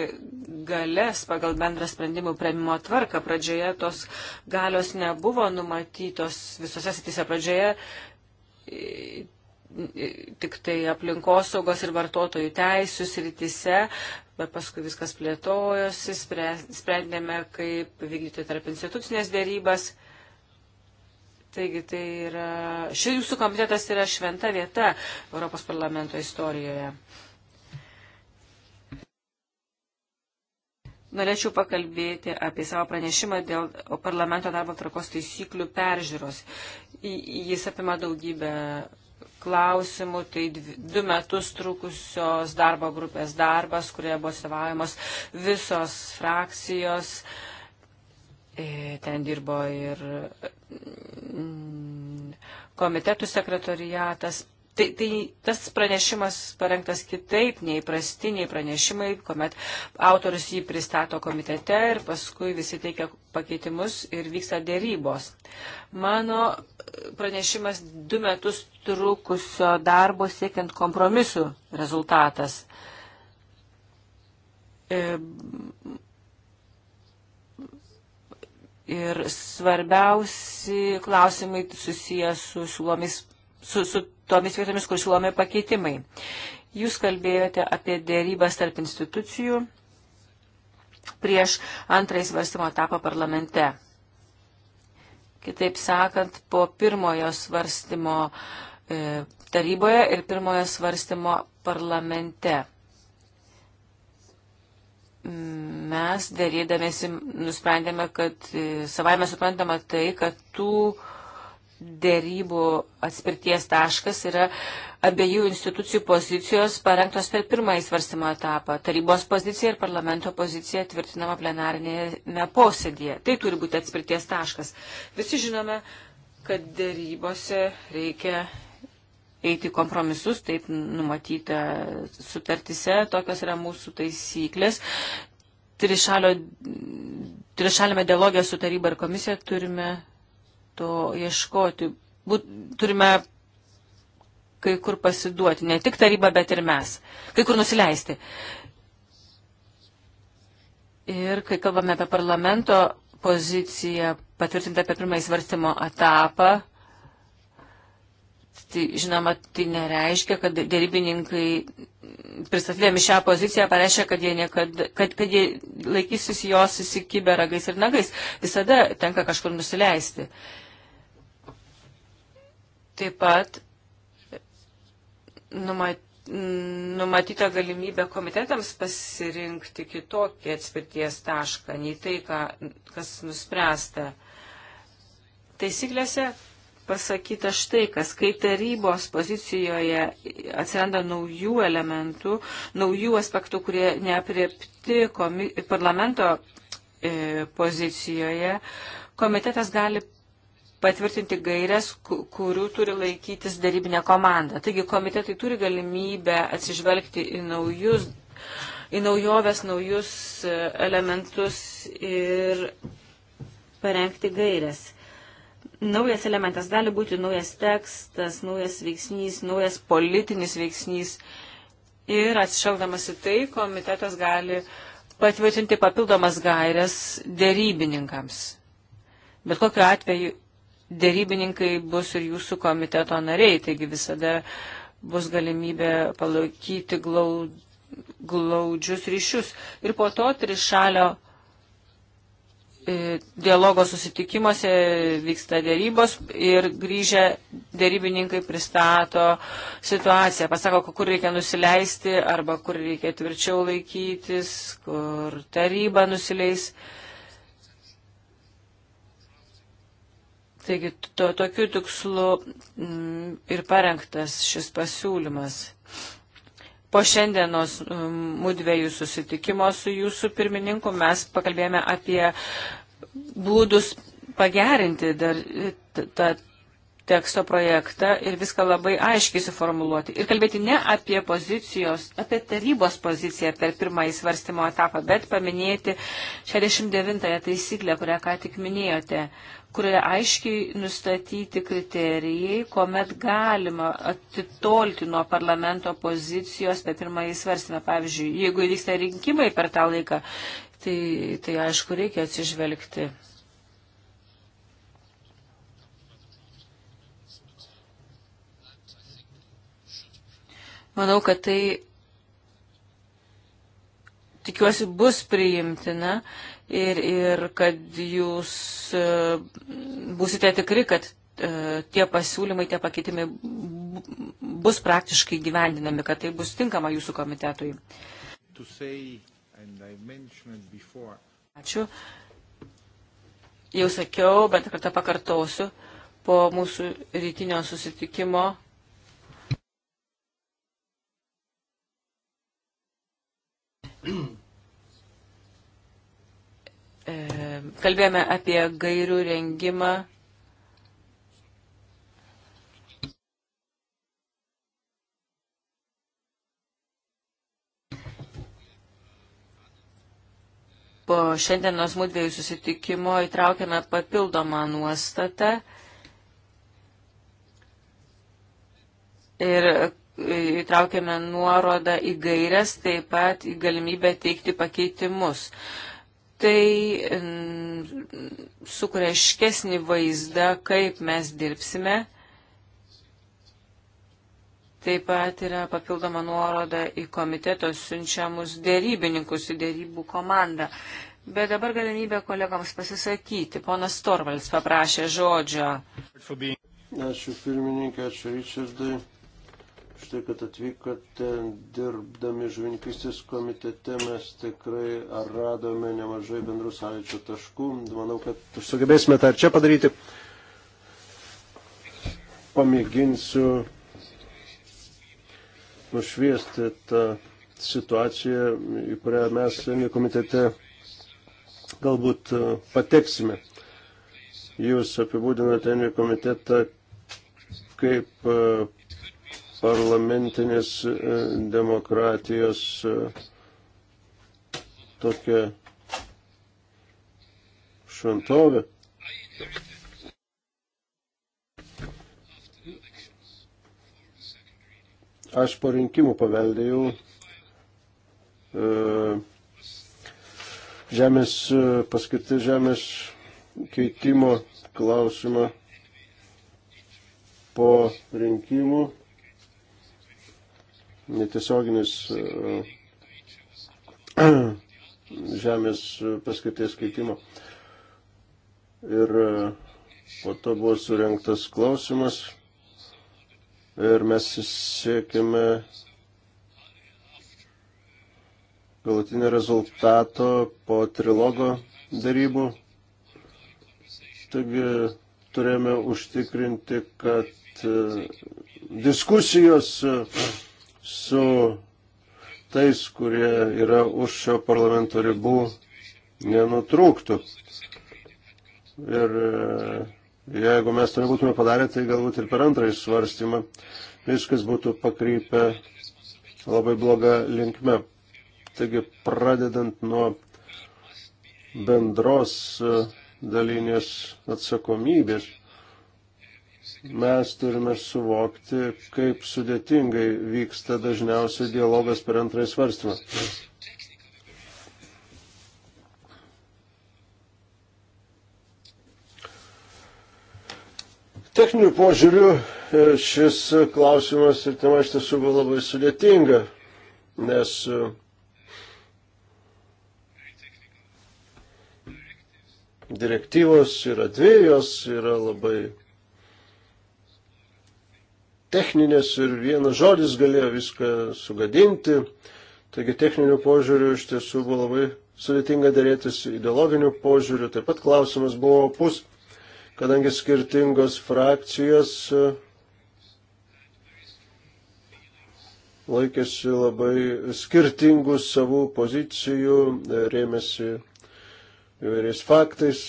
galės pagal bendrą sprendimų prieimimo tvarką. Pradžioje tos galios nebuvo numatytos visose sitise. Pradžioje e, tik tai aplinkosaugos ir vartotojų teisų srityse, bet paskui viskas plėtojosi, sprendėme, kaip vykdyti tarp institucinės dėrybas. Taigi tai yra, ši jūsų komitetas yra šventa vieta Europos parlamento istorijoje. Norėčiau pakalbėti apie savo pranešimą dėl parlamento darbo tvarkos taisyklių peržiūros. Jis apima daugybę klausimų, tai du metus trukusios darbo grupės darbas, kurioje buvo atstovaujamos visos frakcijos. E, ten dirbo ir mm, komitetų sekretoriatas, Tai, tai tas pranešimas parengtas kitaip nei prastiniai pranešimai, kuomet autorius jį pristato komitete ir paskui visi teikia pakeitimus ir vyksta dėrybos. Mano pranešimas du metus trukusio darbo siekiant kompromisų rezultatas. E, ir svarbiausi klausimai susijęs su siūlomis, su, su tomis vietomis, kur siūlomi pakeitimai. Jūs kalbėjote apie dėrybas tarp institucijų prieš antrąjį svarstymo etapą parlamente. Kitaip sakant, po pirmojo svarstymo e, taryboje ir pirmojo svarstymo parlamente. Mes dėrėdamėsi nusprendėme, kad e, savai mes suprantama tai, kad tų e, dėrybų atspirties taškas yra abiejų institucijų pozicijos parengtos per pirmąjį svarstymo etapą. Tarybos pozicija ir parlamento pozicija tvirtinama plenarinėme posėdėje. Tai turi būti atspirties taškas. Visi žinome, kad dėrybose reikia eiti kompromisus, taip numatyta sutartise, tokios yra mūsų taisyklės. Trišalio, trišalėme dialogę su taryba ir komisija turime to ieškoti. Būt, turime kai kur pasiduoti, ne tik taryba, bet ir mes, kai kur nusileisti. Ir kai kalbame apie parlamento poziciją patvirtintą apie pirmąjį svarstymo etapą, tai žinoma, tai nereiškia, kad dėrybininkai pristatydami šią poziciją pareiškia, kad jie, niekad, kad, kad jie laikysis jos įsikibę ragais ir nagais. Visada tenka kažkur nusileisti. Uh, Taip pat numatyta galimybė komitetams pasirinkti kitokį atspirties tašką, nei tai, ką, kas nuspręsta. Taisyklėse pasakyta štai, kas kai tarybos pozicijoje atsiranda naujų elementų, naujų aspektų, kurie neapriepti komi, parlamento e, pozicijoje, komitetas gali patvirtinti gairias, kurių turi laikytis darybinė komanda. Taigi komitetai turi galimybę atsižvelgti į naujus, į naujoves, naujus e, elementus ir parengti gairias. Naujas elementas gali būti naujas tekstas, naujas veiksnys, naujas politinis veiksnys. Ir atsišelgdamas į tai, komitetas gali patvirtinti papildomas gairias dėrybininkams. Bet kokiu atveju dėrybininkai bus ir jūsų komiteto nariai, taigi visada bus galimybė palaikyti glaud, glaudžius ryšius. Ir po to trišalio e, dialogo susitikimuose vyksta dėrybos ir grįžę dėrybininkai pristato situaciją, pasako, kur reikia nusileisti arba kur reikia tvirčiau laikytis, kur taryba nusileis. Uh, Taigi to, tokiu tikslu m, mm, ir parengtas šis pasiūlymas. Po šiandienos mūdvėjų mm, susitikimo su jūsų pirmininku mes pakalbėjome apie būdus pagerinti dar tą teksto projektą ir viską labai aiškiai suformuluoti. Ir kalbėti ne apie pozicijos, apie tarybos poziciją per pirmąjį svarstymo etapą, bet paminėti 69-ąją taisyklę, kurią ką tik minėjote, kurioje aiškiai nustatyti kriterijai, kuomet galima atitolti nuo parlamento pozicijos per pirmąjį svarstymą. Pavyzdžiui, jeigu įvyksta rinkimai per tą laiką, tai, tai aišku, reikia atsižvelgti. Manau, kad tai tikiuosi bus priimtina ir, ir kad jūs e, būsite tikri, kad e, tie pasiūlymai, tie pakeitimai bus praktiškai gyvendinami, kad tai bus tinkama jūsų komitetui. Ačiū. Jau sakiau, bet kartą pakartosiu, po mūsų rytinio susitikimo E, kalbėjome apie gairių rengimą. Po šiandienos mūdvėjų susitikimo įtraukėme papildomą nuostatą ir e, įtraukėme nuorodą į gairias, taip pat į galimybę teikti pakeitimus. E, tai sukuria iškesnį vaizdą, kaip mes dirbsime. Taip pat yra papildoma nuoroda į komiteto siunčiamus dėrybininkus, į dėrybų komandą. Bet dabar galimybė kolegams pasisakyti. Ponas Torvalds paprašė žodžio. Ačiū pirmininkė, ačiū Richardai štai, kad atvykote dirbdami žuvininkistės komitete, mes tikrai radome nemažai bendrų sąlyčio taškų. Manau, kad sugebėsime tą ir čia padaryti. Pamėginsiu nušviesti tą situaciją, į kurią mes komitete galbūt pateksime. Jūs apibūdinote komitetą kaip parlamentinės e, demokratijos e, tokia šventovė. Aš po rinkimų paveldėjau e, žemės paskirti žemės keitimo klausimą po rinkimų netiesioginis e, *clears throat* žemės paskirties keitimo. Ir e, po to buvo surinktas klausimas ir mes siekime galutinio rezultato po trilogo darybų. Taigi turėjome užtikrinti, kad e, diskusijos su tais, kurie yra už šio parlamento ribų, nenutrūktų. Ir e, jeigu mes to nebūtume padarę, tai galbūt ir per antrąjį svarstymą viskas būtų pakrypę labai bloga linkme. Taigi pradedant nuo bendros e, dalinės atsakomybės mes turime suvokti, kaip sudėtingai vyksta dažniausiai dialogas per antrąjį svarstymą. Techninių požiūrių e, šis klausimas ir tema iš tiesų buvo labai sudėtinga, nes e, direktyvos yra dvi, jos yra labai techninės ir vienas žodis galėjo viską sugadinti. Taigi techninių požiūrių iš tiesų buvo labai sudėtinga dėrėtis ideologinių požiūrių. Taip pat klausimas buvo opus, kadangi skirtingos frakcijos eh, laikėsi labai skirtingų savų pozicijų, eh, rėmėsi įvairiais faktais.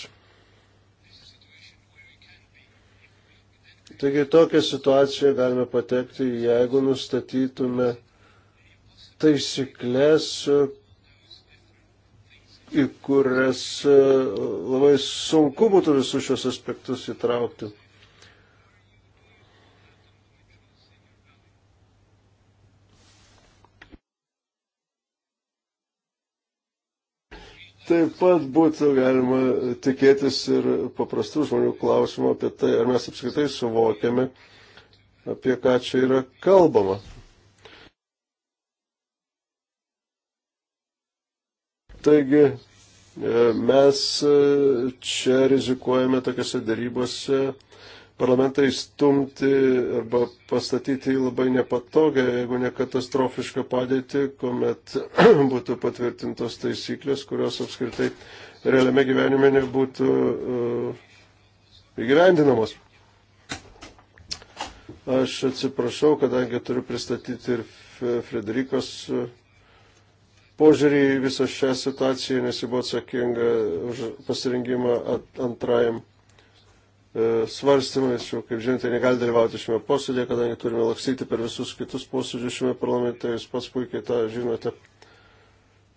Taigi tokią situaciją galime patekti, jeigu nustatytume taisyklės, į kurias e, labai sunku būtų visus šios aspektus įtraukti. Taip pat būtų galima tikėtis ir paprastų žmonių klausimų apie tai, ar mes apskritai suvokiame, apie ką čia yra kalbama. Taigi e, mes e, čia rizikuojame tokiuose darybose parlamentą įstumti arba pastatyti į labai nepatogę, jeigu ne katastrofišką padėtį, kuomet *clears throat* būtų patvirtintos taisyklės, kurios apskritai realiame gyvenime nebūtų uh, įgyvendinamos. Aš atsiprašau, kadangi turiu pristatyti ir Frederikos uh, požiūrį į visą šią situaciją, nes ji buvo atsakinga už pasirinkimą antrajam E, svarstymais, jau kaip žinote, negali dalyvauti šiame posėdėje, kadangi turime laksyti per visus kitus posėdžius šiame parlamente, jūs pats puikiai tą žinote,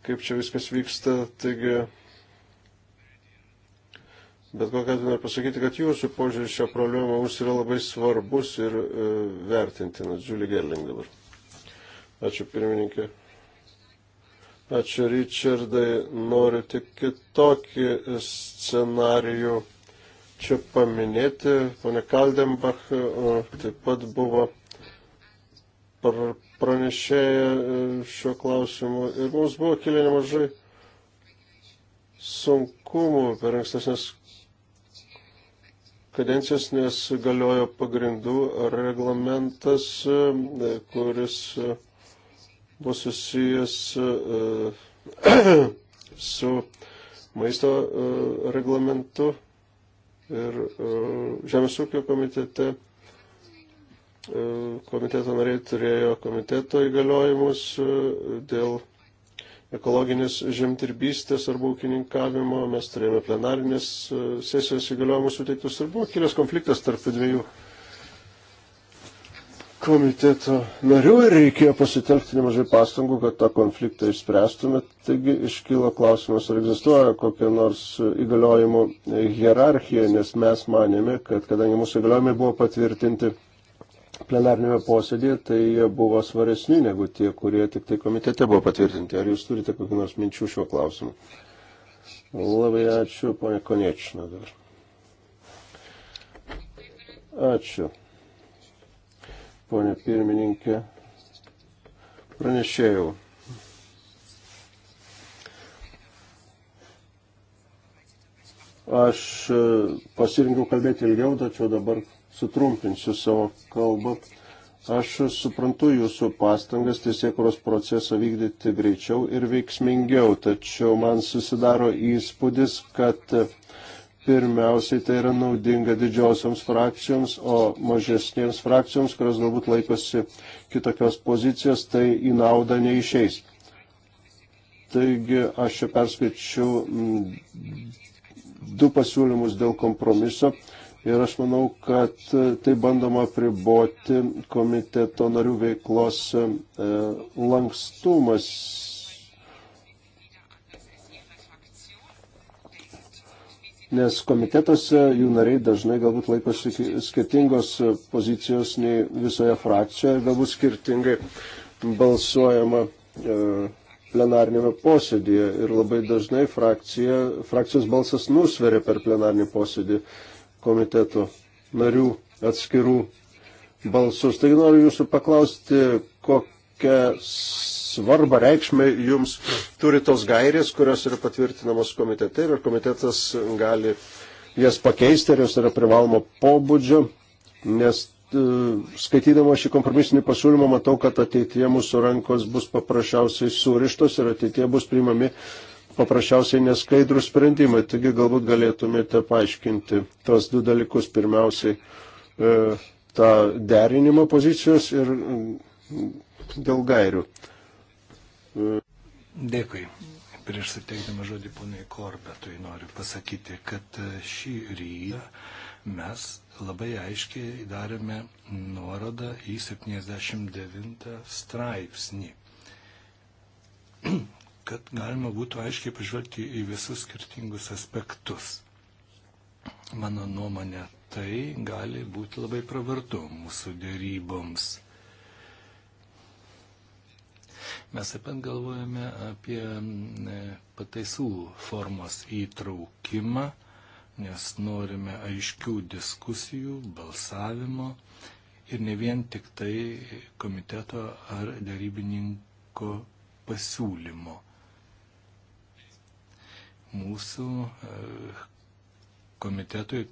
kaip čia viskas vyksta. Taigi, bet kokią atveju noriu pasakyti, kad jūsų požiūrį šią problemą mums yra labai svarbus ir e, vertintinas. Džiulį Gerling dabar. Ačiū pirmininkė. Ačiū Richardai, noriu tik kitokį scenarijų čia paminėti. Pone Kaldembach e, taip pat buvo pranešėja e, šiuo klausimu ir mums buvo kilę nemažai sunkumų per ankstesnės kadencijas, nes galiojo pagrindų reglamentas, e, kuris buvo susijęs *clears throat* su maisto reglamentu ir e, Žemės ūkio komitete. E, komiteto nariai turėjo komiteto įgaliojimus e, dėl ekologinės žemdirbystės arba ūkininkavimo, mes turėjome plenarinės sesijos įgaliojimus suteiktus ir buvo kilęs konfliktas tarp dviejų komiteto narių ir reikėjo pasitelkti nemažai pastangų, kad tą konfliktą išspręstume. Taigi iškyla klausimas, ar egzistuoja kokia nors įgaliojimų hierarchija, nes mes manėme, kad kadangi mūsų įgaliojimai buvo patvirtinti plenarnėme posėdėje, tai jie buvo svaresni negu tie, kurie tik tai komitete buvo patvirtinti. Ar jūs turite kokį nors minčių šiuo klausimu? Labai ačiū, ponia Konečina dabar. Ačiū ponė pirmininkė, pranešėjau. Aš e, pasirinkau kalbėti ilgiau, tačiau dabar sutrumpinsiu savo kalbą. Aš suprantu jūsų pastangas tiesiekuros procesą vykdyti greičiau ir veiksmingiau, tačiau man susidaro įspūdis, kad pirmiausiai tai yra naudinga didžiosioms frakcijoms, o mažesniems frakcijoms, kurios galbūt laikosi kitokios pozicijos, tai į naudą neišeis. Taigi aš čia perskaičiau mm, du pasiūlymus dėl kompromiso ir aš manau, kad e, tai bandoma priboti komiteto narių veiklos e, lankstumas nes komitetuose jų nariai dažnai galbūt laikosi skirtingos pozicijos nei visoje frakcijoje ir galbūt skirtingai balsuojama e, plenarnėme posėdėje ir labai dažnai frakcija, frakcijos balsas nusveria per plenarnį posėdį komiteto narių atskirų balsus. Taigi noriu jūsų paklausti, kokias svarbą, reikšmę jums turi tos gairės, kurios yra patvirtinamos komitete ir komitetas gali jas pakeisti, ar jos yra privalomo pobūdžio, nes e, skaitydama šį kompromisinį pasiūlymą matau, kad ateitie mūsų rankos bus paprasčiausiai surištos ir ateitie bus priimami paprasčiausiai neskaidrų sprendimai. Taigi galbūt galėtumėte paaiškinti tos du dalykus. Pirmiausiai e, tą derinimo pozicijos ir dėl gairių. Dėkui. Prieš suteikdama žodį ponui Korbetui noriu pasakyti, kad e, šį rytą mes labai aiškiai darėme nuorodą į 79 straipsnį, *clears throat* kad galima būtų aiškiai pažvelgti į visus skirtingus aspektus. Mano nuomonė, tai gali būti labai pravartu mūsų dėryboms. Mes taip pat galvojame apie e, pataisų formos įtraukimą, nes norime aiškių diskusijų, balsavimo ir ne vien tik tai komiteto ar darybininko pasiūlymo. Mūsų e, komitetui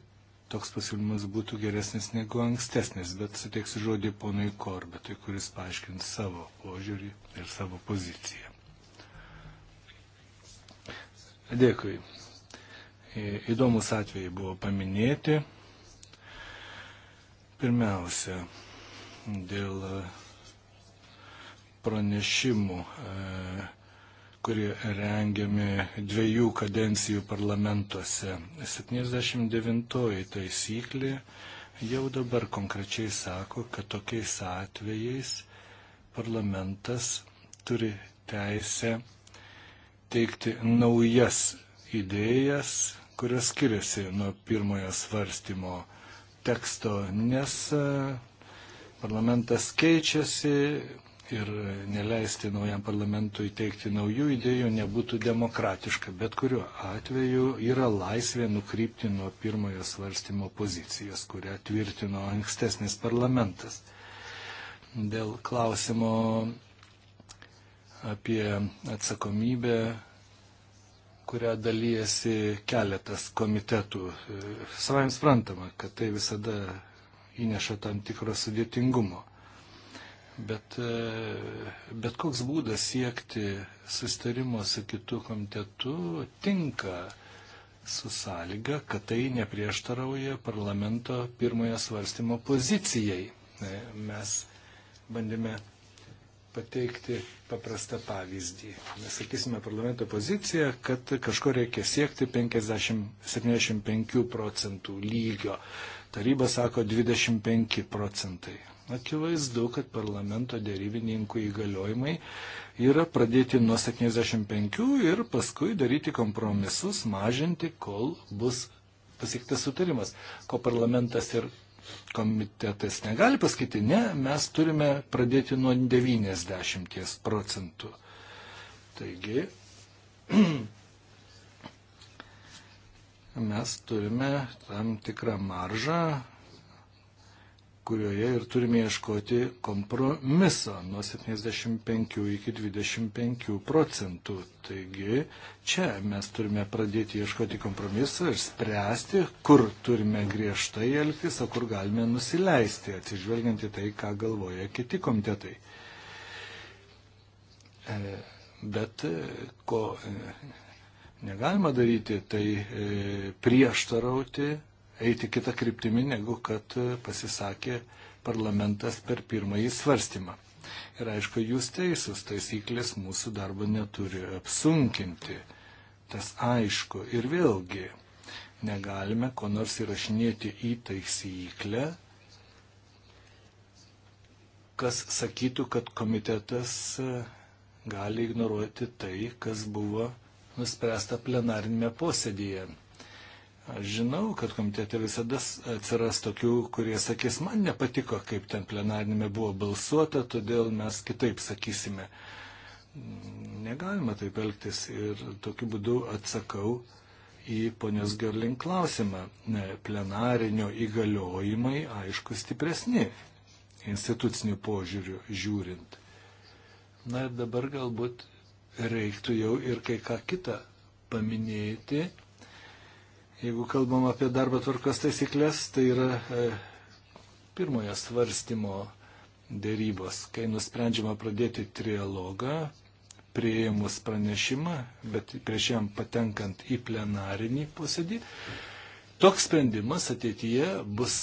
toks pasiūlymas būtų geresnis negu ankstesnis, bet suteiksiu žodį ponui Korbetui, kuris paaiškins savo požiūrį ir savo poziciją. Dėkui. Įdomus atvejai buvo paminėti. Pirmiausia, dėl pranešimų. E, kurie rengiami dviejų kadencijų parlamentuose. 79 taisyklė jau dabar konkrečiai sako, kad tokiais atvejais parlamentas turi teisę teikti naujas idėjas, kurios skiriasi nuo pirmojo svarstymo teksto, nes e, parlamentas keičiasi, ir neleisti naujam parlamentui teikti naujų idėjų nebūtų demokratiška. Bet kuriuo atveju yra laisvė nukrypti nuo pirmojo svarstymo pozicijos, kurią tvirtino ankstesnis parlamentas. Dėl klausimo apie atsakomybę kurią dalyjasi keletas komitetų. E, savai suprantama, kad tai visada įneša tam tikro sudėtingumo bet, e, bet koks būdas siekti sustarimo su kitu komitetu tinka su sąlyga, kad tai neprieštarauja parlamento pirmojo svarstymo pozicijai. E, mes bandėme pateikti paprastą pavyzdį. Mes sakysime parlamento poziciją, kad kažko reikia siekti 50-75 procentų lygio. Taryba sako 25 procentai. Akivaizdu, kad parlamento dėrybininkų įgaliojimai yra pradėti nuo 75 ir paskui daryti kompromisus, mažinti, kol bus pasiektas sutarimas, ko parlamentas ir komitetas negali pasakyti, ne, mes turime pradėti nuo 90 procentų. Taigi, *clears throat* mes turime tam tikrą maržą kurioje ir turime ieškoti kompromiso nuo 75 iki 25 procentų. Taigi čia mes turime pradėti ieškoti kompromiso ir spręsti, kur turime griežtai elgtis, o kur galime nusileisti, atsižvelgiant į tai, ką galvoja kiti komitetai. E, bet e, ko e, negalima daryti, tai prieštarauti eiti kitą kryptimį, negu kad e, pasisakė parlamentas per pirmąjį svarstymą. Ir aišku, jūs teisus, taisyklės mūsų darbo neturi apsunkinti. Tas aišku. Ir vėlgi, negalime ko nors įrašinėti į taisyklę, kas sakytų, kad komitetas e, gali ignoruoti tai, kas buvo nuspręsta plenarinėme posėdėje. Aš žinau, kad komitete visada atsiras tokių, kurie sakys, man nepatiko, kaip ten plenarnėme buvo balsuota, todėl mes kitaip sakysime. Negalima taip elgtis ir tokiu būdu atsakau į ponios Gerling klausimą. Plenarinio įgaliojimai, aišku, stipresni institucinių požiūrių žiūrint. Na ir dabar galbūt reiktų jau ir kai ką kitą paminėti Jeigu kalbam apie darbo tvarkos taisyklės, tai yra e, pirmojo svarstymo dėrybos, kai nusprendžiama pradėti trialogą, prieimus pranešimą, bet prieš jam patenkant į plenarinį posėdį. Toks sprendimas ateityje bus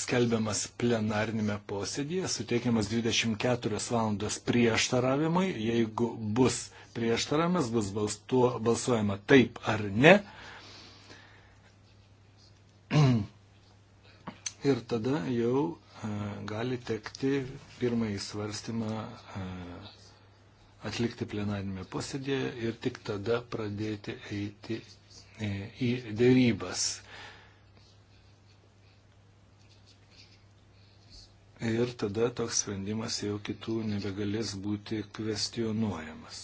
skelbiamas plenarinėme posėdėje, suteikiamas 24 valandos prieštaravimui. Jeigu bus prieštaravimas, bus balstuo, balsuojama taip ar ne. *clears throat* Ir tada jau e, gali tekti pirmąjį svarstymą e, atlikti plenarinėme posėdėje ir tik tada pradėti eiti e, į dėrybas. Ir tada toks sprendimas jau kitų nebegalės būti kvestionuojamas.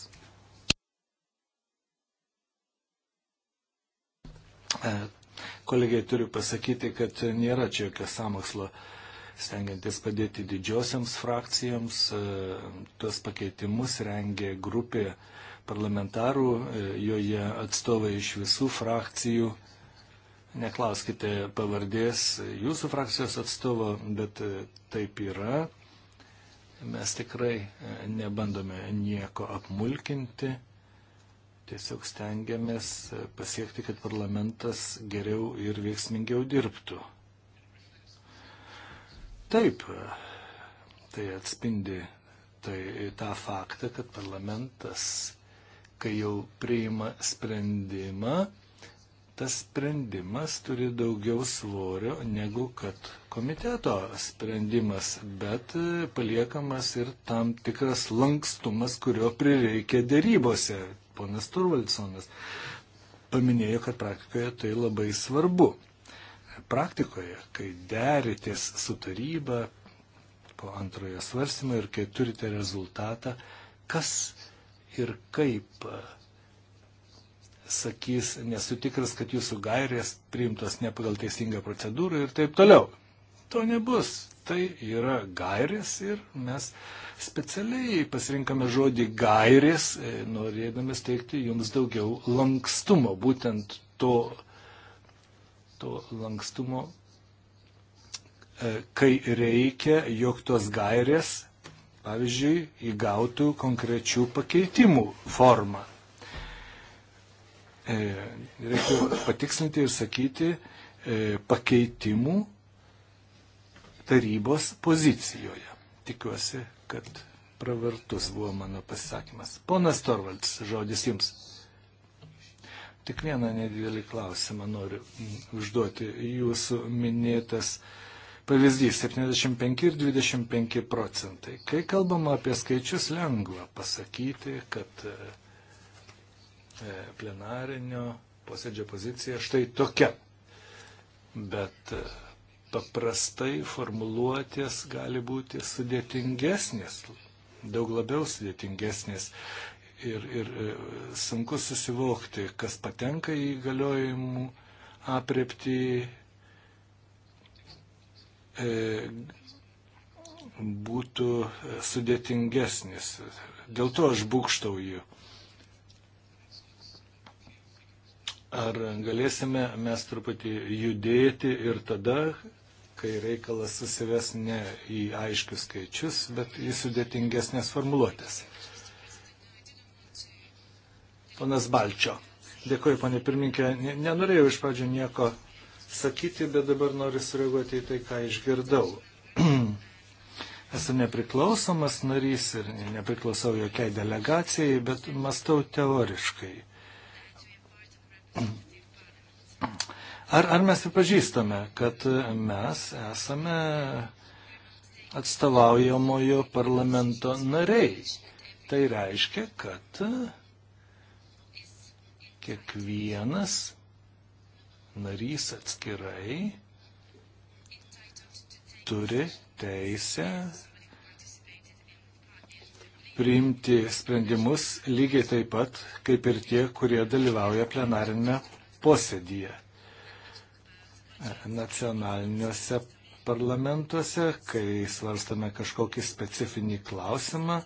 Kolegiai turiu pasakyti, kad nėra čia jokio samokslo stengiantis padėti didžiosiams frakcijams. E, tuos pakeitimus rengė grupė parlamentarų, e, joje atstovai iš visų frakcijų. Neklauskite pavardės jūsų frakcijos atstovo, bet e, taip yra. Mes tikrai nebandome nieko apmulkinti Tiesiog stengiamės e, pasiekti, kad parlamentas geriau ir veiksmingiau dirbtų. Taip, e, tai atspindi tai, tą faktą, kad parlamentas, kai jau priima sprendimą, tas sprendimas turi daugiau svorio negu kad komiteto sprendimas, bet e, paliekamas ir tam tikras lankstumas, kurio prireikia dėrybose ponas Turvalsonas paminėjo, kad praktikoje tai labai svarbu. Praktikoje, kai deritės su taryba po antrojo svarstymo ir kai turite rezultatą, kas ir kaip sakys, nesu tikras, kad jūsų gairės priimtos ne pagal teisingą procedūrą ir taip toliau. To nebus tai yra gairės ir mes specialiai pasirinkame žodį gairės, e, norėdami steigti jums daugiau lankstumo, būtent to, to lankstumo, e, kai reikia, jog tos gairės, pavyzdžiui, įgautų konkrečių pakeitimų formą. E, reikia patikslinti ir sakyti pakeitimų tarybos pozicijoje. Tikiuosi, kad pravartus buvo mano pasisakymas. Ponas Torvalds, žodis jums. Tik vieną nedidelį klausimą noriu užduoti. Jūsų minėtas pavyzdys 75 ir 25 procentai. Kai kalbama apie skaičius, lengva pasakyti, kad e, plenarinio posėdžio pozicija štai tokia. Bet e, paprastai formuluotės gali būti sudėtingesnės, daug labiau sudėtingesnės. Ir, ir e, sunku susivokti, kas patenka į galiojimų apriepti. E, būtų sudėtingesnis. Dėl to aš būkštauju. Ar galėsime mes truputį judėti ir tada kai reikalas susives ne į aiškius skaičius, bet į sudėtingesnės formuluotės. Ponas Balčio. Dėkuoju, ponė pirminkė. Nenorėjau iš pradžio nieko sakyti, bet dabar noriu sureaguoti į tai, ką išgirdau. *clears throat* Esu nepriklausomas narys ir nepriklausau jokiai delegacijai, bet mastau teoriškai. *clears throat* Ar, ar mes pripažįstame, kad mes esame atstovaujamojo parlamento nariai? Tai reiškia, kad kiekvienas narys atskirai turi teisę priimti sprendimus lygiai taip pat, kaip ir tie, kurie dalyvauja plenarinėme posėdyje nacionaliniuose parlamentuose, kai svarstame kažkokį specifinį klausimą,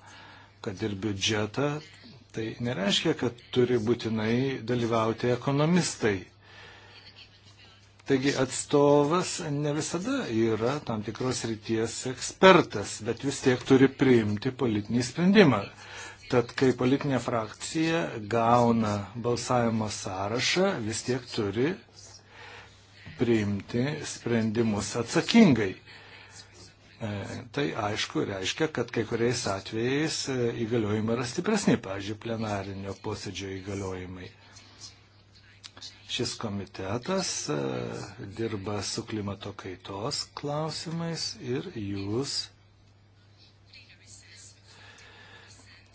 kad ir biudžetą, tai nereiškia, kad turi būtinai dalyvauti ekonomistai. Taigi atstovas ne visada yra tam tikros ryties ekspertas, bet vis tiek turi priimti politinį sprendimą. Tad kai politinė frakcija gauna balsavimo sąrašą, vis tiek turi priimti sprendimus atsakingai. E, tai aišku reiškia, kad kai kuriais atvejais e, įgaliojimai yra stipresni, pavyzdžiui, plenarinio posėdžio įgaliojimai. Šis komitetas e, dirba su klimato kaitos klausimais ir jūs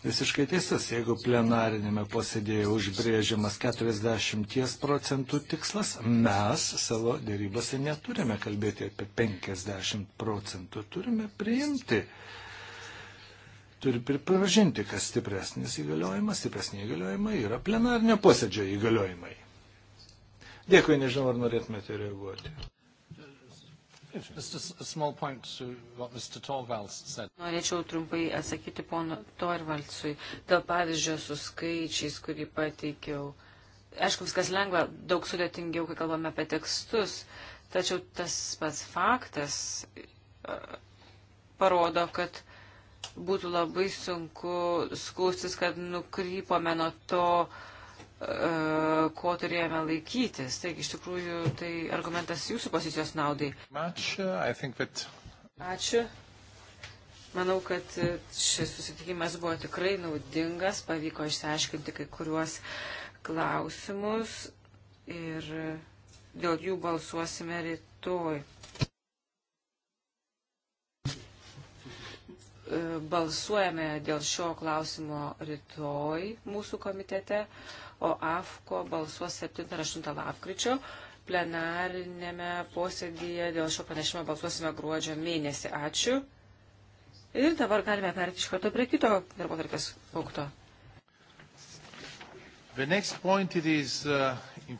visiškai teisus, jeigu plenarinėme posėdėje užbrėžiamas 40 procentų tikslas, mes savo dėrybose neturime kalbėti apie 50 procentų, turime priimti. Turi pripažinti, kas stipresnis įgaliojimas, stipresnė įgaliojimai yra plenarinio posėdžio įgaliojimai. Dėkui, nežinau, ar norėtumėte reaguoti. Norėčiau trumpai atsakyti pono Torvaldsui dėl pavyzdžio su skaičiais, kurį pateikiau. Aišku, viskas lengva, daug sudėtingiau, kai kalbame apie tekstus, tačiau tas pats faktas parodo, kad būtų labai sunku skūstis, kad nukrypome nuo to, uh, ko turėjome laikytis. Taigi, iš tikrųjų, tai argumentas jūsų pozicijos naudai. Uh, Ačiū. Manau, kad uh, šis susitikimas buvo tikrai naudingas, pavyko išsiaiškinti kai kuriuos klausimus ir uh, dėl jų balsuosime rytoj. E, balsuojame dėl šio klausimo rytoj mūsų komitete, o AFKO balsuos 7-8 lapkričio. Plenarinėme posėdėje dėl šio pranešimo balsuosime gruodžio mėnesį. Ačiū. Ir dabar galime perėti iš karto prie kito darbo tarkės punkto. Uh,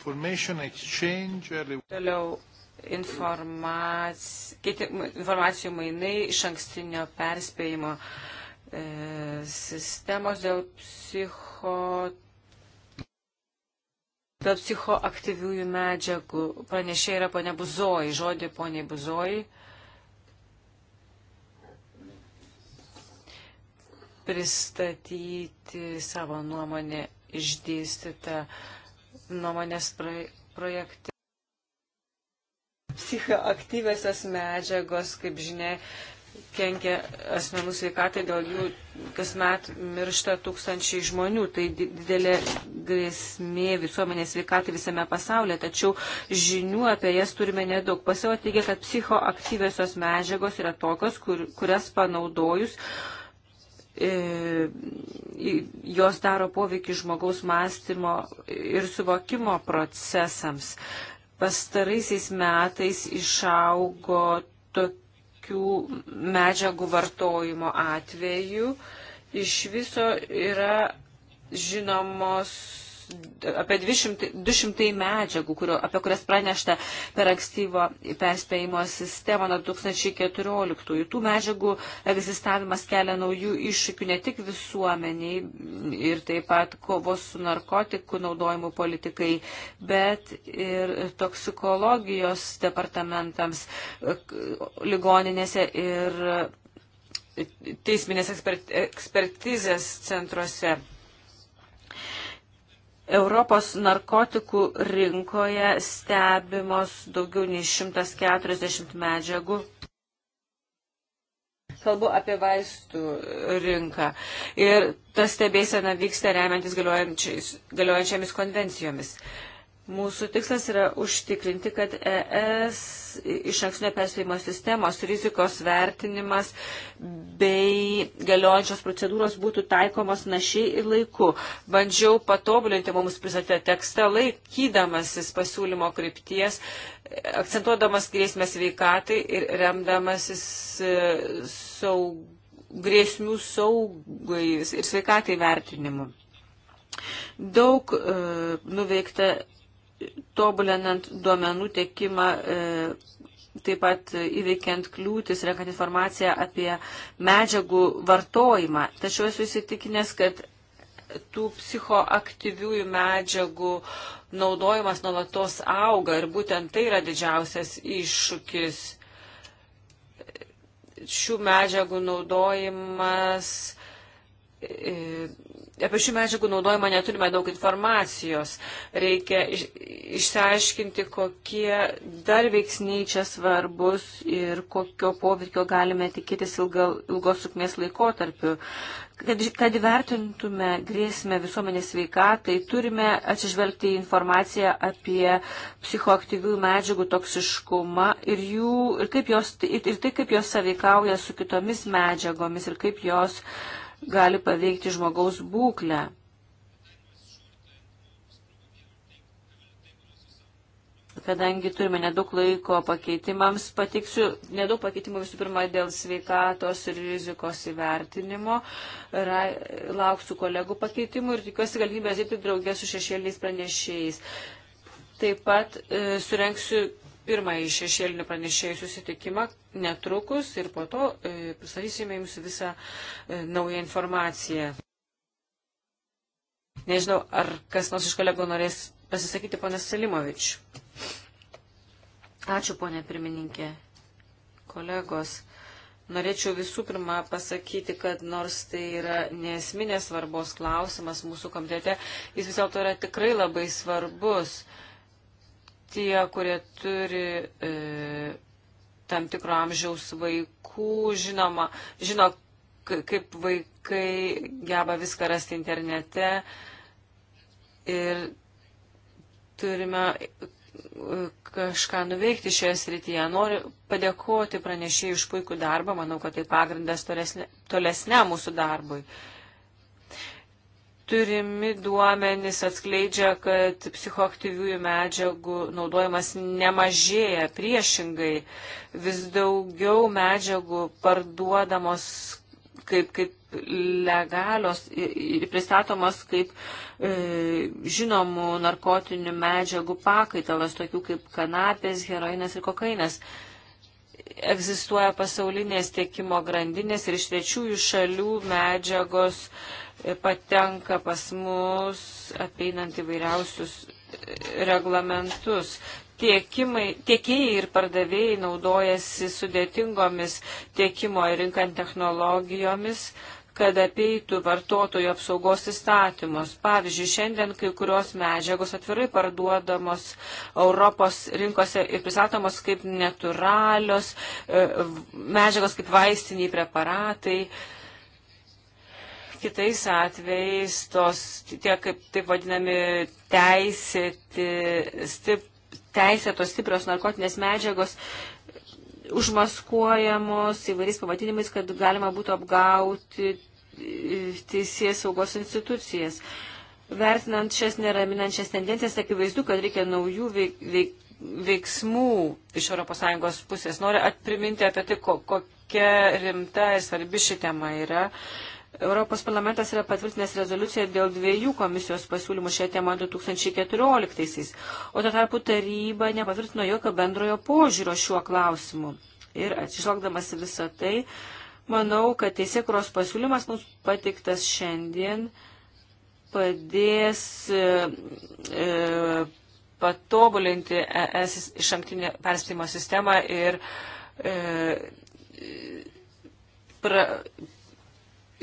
Toliau informac... keiti... informacijų mainai iš ankstinio perspėjimo e, sistemos dėl psicho dėl psichoaktyviųjų medžiagų. Pranešė yra ponia Buzoji, žodį ponia Buzoji. Pristatyti savo nuomonę išdėstytą nuomonės projektą. Psichoaktyvėsios medžiagos, kaip žinia, kenkia asmenų sveikatai, dėl jų kasmet miršta tūkstančiai žmonių. Tai didelė grėsmė visuomenės sveikatai visame pasaulyje, tačiau žinių apie jas turime nedaug. Pasiau teigia, kad psichoaktyviosios medžiagos yra tokios, kur, kurias panaudojus. E, jos daro poveikį žmogaus mąstymo ir suvokimo procesams. E, Pastaraisiais metais išaugo tokių medžiagų vartojimo atvejų. Iš viso yra žinomos apie 200, 200 medžiagų, kurio, apie kurias pranešta per ankstyvo perspėjimo sistemą nuo 2014. -ųjų. Tų medžiagų egzistavimas kelia naujų iššūkių ne tik visuomeniai ir taip pat kovos su narkotikų naudojimu politikai, bet ir toksikologijos departamentams, ligoninėse ir teisminės ekspert, ekspertizės centruose. Europos narkotikų rinkoje stebimos daugiau nei 140 medžiagų. Kalbu apie vaistų rinką. Ir ta stebėsena vyksta remiantis galiojančiamis konvencijomis. Uh, Mūsų tikslas yra užtikrinti, kad ES iš anksnio perspėjimo sistemos rizikos vertinimas bei galiojančios procedūros būtų taikomos našiai ir laiku. Bandžiau patobulinti mums prisatę tekstą, laikydamasis pasiūlymo krypties, akcentuodamas grėsmės veikatai ir remdamasis e, saug, grėsmių saugai ir sveikatai vertinimu. Daug e, nuveikta tobulinant duomenų tiekimą, e, taip pat įveikiant kliūtis, renkant informaciją apie medžiagų vartojimą. Tačiau esu įsitikinęs, kad tų psichoaktyviųjų medžiagų naudojimas nuolatos auga ir būtent tai yra didžiausias iššūkis. Šių medžiagų naudojimas e, apie šių medžiagų naudojimą neturime daug informacijos. Reikia išsiaiškinti, kokie dar veiksniai čia svarbus ir kokio poveikio galime tikėtis ilga, ilgos sukmės laikotarpiu. Kad, kad įvertintume grėsmę visuomenės veikatai, turime atsižvelgti į informaciją apie psichoaktyvių medžiagų toksiškumą ir, jų, ir, kaip jos, ir, ir tai, kaip jos saveikauja su kitomis medžiagomis ir kaip jos uh, gali paveikti žmogaus būklę. Kadangi turime nedaug laiko pakeitimams, pateiksiu nedaug pakeitimų visų pirma dėl sveikatos ir rizikos įvertinimo. Ra, lauksiu kolegų pakeitimų ir tikiuosi galimybės dirbti draugės su šešėliais pranešėjais. Taip pat e, surenksiu pirmąjį šešėlinių pranešėjų susitikimą netrukus ir po to e, pristatysime jums visą e, naują informaciją. Nežinau, ar kas nors iš kolegų norės pasisakyti, ponas Selimovič. Ačiū, ponė pirmininkė. Kolegos, norėčiau visų pirma pasakyti, kad nors tai yra nesminės svarbos klausimas mūsų komitete, jis vis dėlto yra tikrai labai svarbus. E, tie, kurie turi e, tam tikro amžiaus vaikų, žinoma, žino, kaip vaikai geba viską rasti internete ir turime e, kažką nuveikti šioje srityje. Noriu padėkoti pranešėjai už puikų darbą, manau, kad tai pagrindas tolesne, tolesne mūsų darbui. E, turimi duomenys atskleidžia, kad psichoaktyviųjų medžiagų naudojimas nemažėja, priešingai vis daugiau medžiagų parduodamos kaip, kaip legalios ir pristatomos kaip e, žinomų narkotinių medžiagų pakaitalas, tokių kaip kanapės, heroinas ir kokainas. Egzistuoja pasaulinės tiekimo grandinės ir iš trečiųjų šalių medžiagos e, patenka pas mus apeinant įvairiausius e, reglamentus. Tiekimai, tiekėjai ir pardavėjai naudojasi sudėtingomis tiekimo ir rinkant technologijomis, kad apeitų vartotojų apsaugos įstatymus. Pavyzdžiui, šiandien kai kurios medžiagos atvirai parduodamos Europos rinkose ir pristatomos kaip naturalios e, medžiagos, kaip vaistiniai preparatai. E, kitais atvejais tos tie, kaip taip vadinami, teisėti, stip, teisėtos stiprios narkotinės medžiagos užmaskuojamos įvairiais pavadinimais, kad galima būtų apgauti e, teisės saugos institucijas. Vertinant šias neraminančias tendencijas, akivaizdu, kad reikia naujų veik, veik, veiksmų iš ES pusės. Noriu atpriminti apie tai, ko, kokia rimta ir svarbi ši tema yra. Uh, Europos parlamentas yra patvirtinęs rezoliuciją dėl dviejų komisijos pasiūlymų šią temą 2014-aisiais, o tuo tarpu taryba nepatvirtino jokio bendrojo požiūrio šiuo klausimu. Ir atsižvelgdamas visą tai, manau, kad teisėkuros pasiūlymas mums patiktas šiandien padės e, e patobulinti ES iš anktinio perspėjimo sistemą ir e, pra,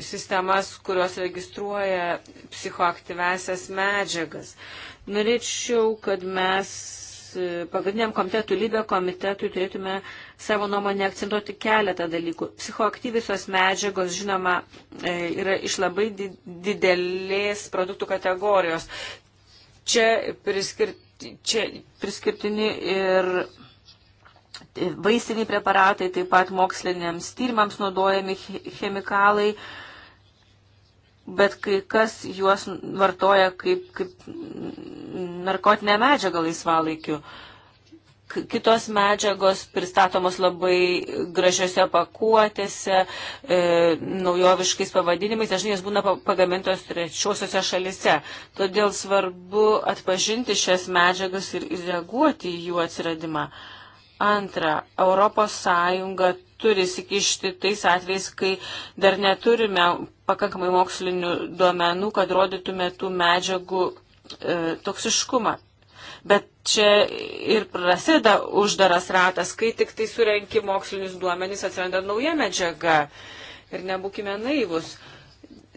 sistemas, kurios registruoja psichoaktyvesias medžiagas. Norėčiau, kad mes e, pagrindiniam komitetui, lybė komitetui turėtume savo nuomonę akcentuoti keletą dalykų. Psichoaktyvisios medžiagos, žinoma, e, yra iš labai didelės produktų kategorijos. Čia, priskirti, čia priskirtini ir vaistiniai preparatai, taip pat moksliniams tyrimams naudojami chemikalai bet kai kas juos vartoja kaip, kaip narkotinę medžiagą laisvalaikiu. Kitos medžiagos pristatomos labai gražiose pakuotėse, e, naujoviškais pavadinimais, dažnai jos būna pagamintos trečiosiuose šalise. Todėl svarbu atpažinti šias medžiagas ir reaguoti į jų atsiradimą. Antra, Europos Sąjunga turi įsikišti tais atvejais, kai dar neturime pakankamai mokslinių duomenų, kad rodytume tų medžiagų e, toksiškumą. Bet čia ir prasideda uždaras ratas, kai tik tai surenki mokslinius duomenys, atsiranda nauja medžiaga. Ir nebūkime naivus.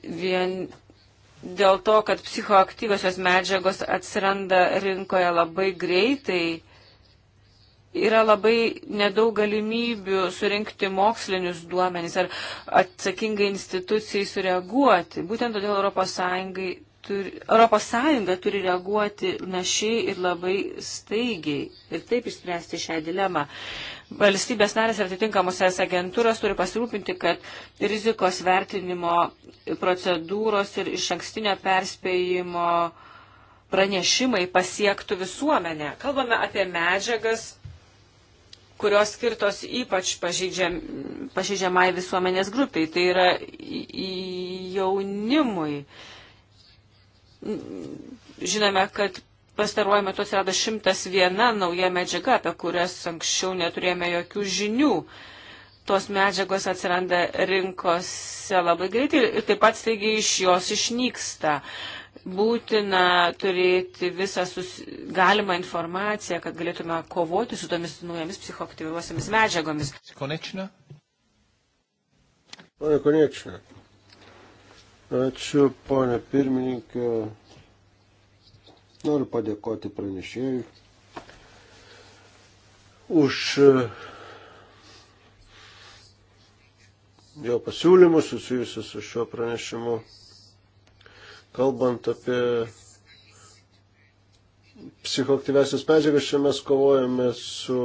Vien dėl to, kad psichoaktyviosios medžiagos atsiranda rinkoje labai greitai yra labai nedaug galimybių surinkti mokslinius duomenys ar atsakingai institucijai sureaguoti. Būtent todėl ES turi, ES turi reaguoti našiai ir labai staigiai ir taip išspręsti šią dilemą. Valstybės narės ir atitinkamos es agentūros turi pasirūpinti, kad rizikos vertinimo procedūros ir iš ankstinio perspėjimo pranešimai pasiektų visuomenę. Kalbame apie medžiagas kurios skirtos ypač pažeidžiam, pažeidžiamai visuomenės grupiai, tai yra jaunimui. Žinome, kad pastaruoju metu atsirado 101 nauja medžiaga, apie kurias anksčiau neturėjome jokių žinių. Tos medžiagos atsiranda rinkose labai greitai ir taip pat staigiai iš jos išnyksta. Uh, būtina turėti visą sus... galimą informaciją, kad galėtume kovoti su tomis naujomis psichoktyviuosiamis medžiagomis. Konečina? Pane Konečina. Ačiū, pane pirmininkė. Noriu padėkoti pranešėjui už e, jo pasiūlymus susijusius su šiuo pranešimu. Kalbant apie psichoktyvesias medžiagas, čia mes kovojame su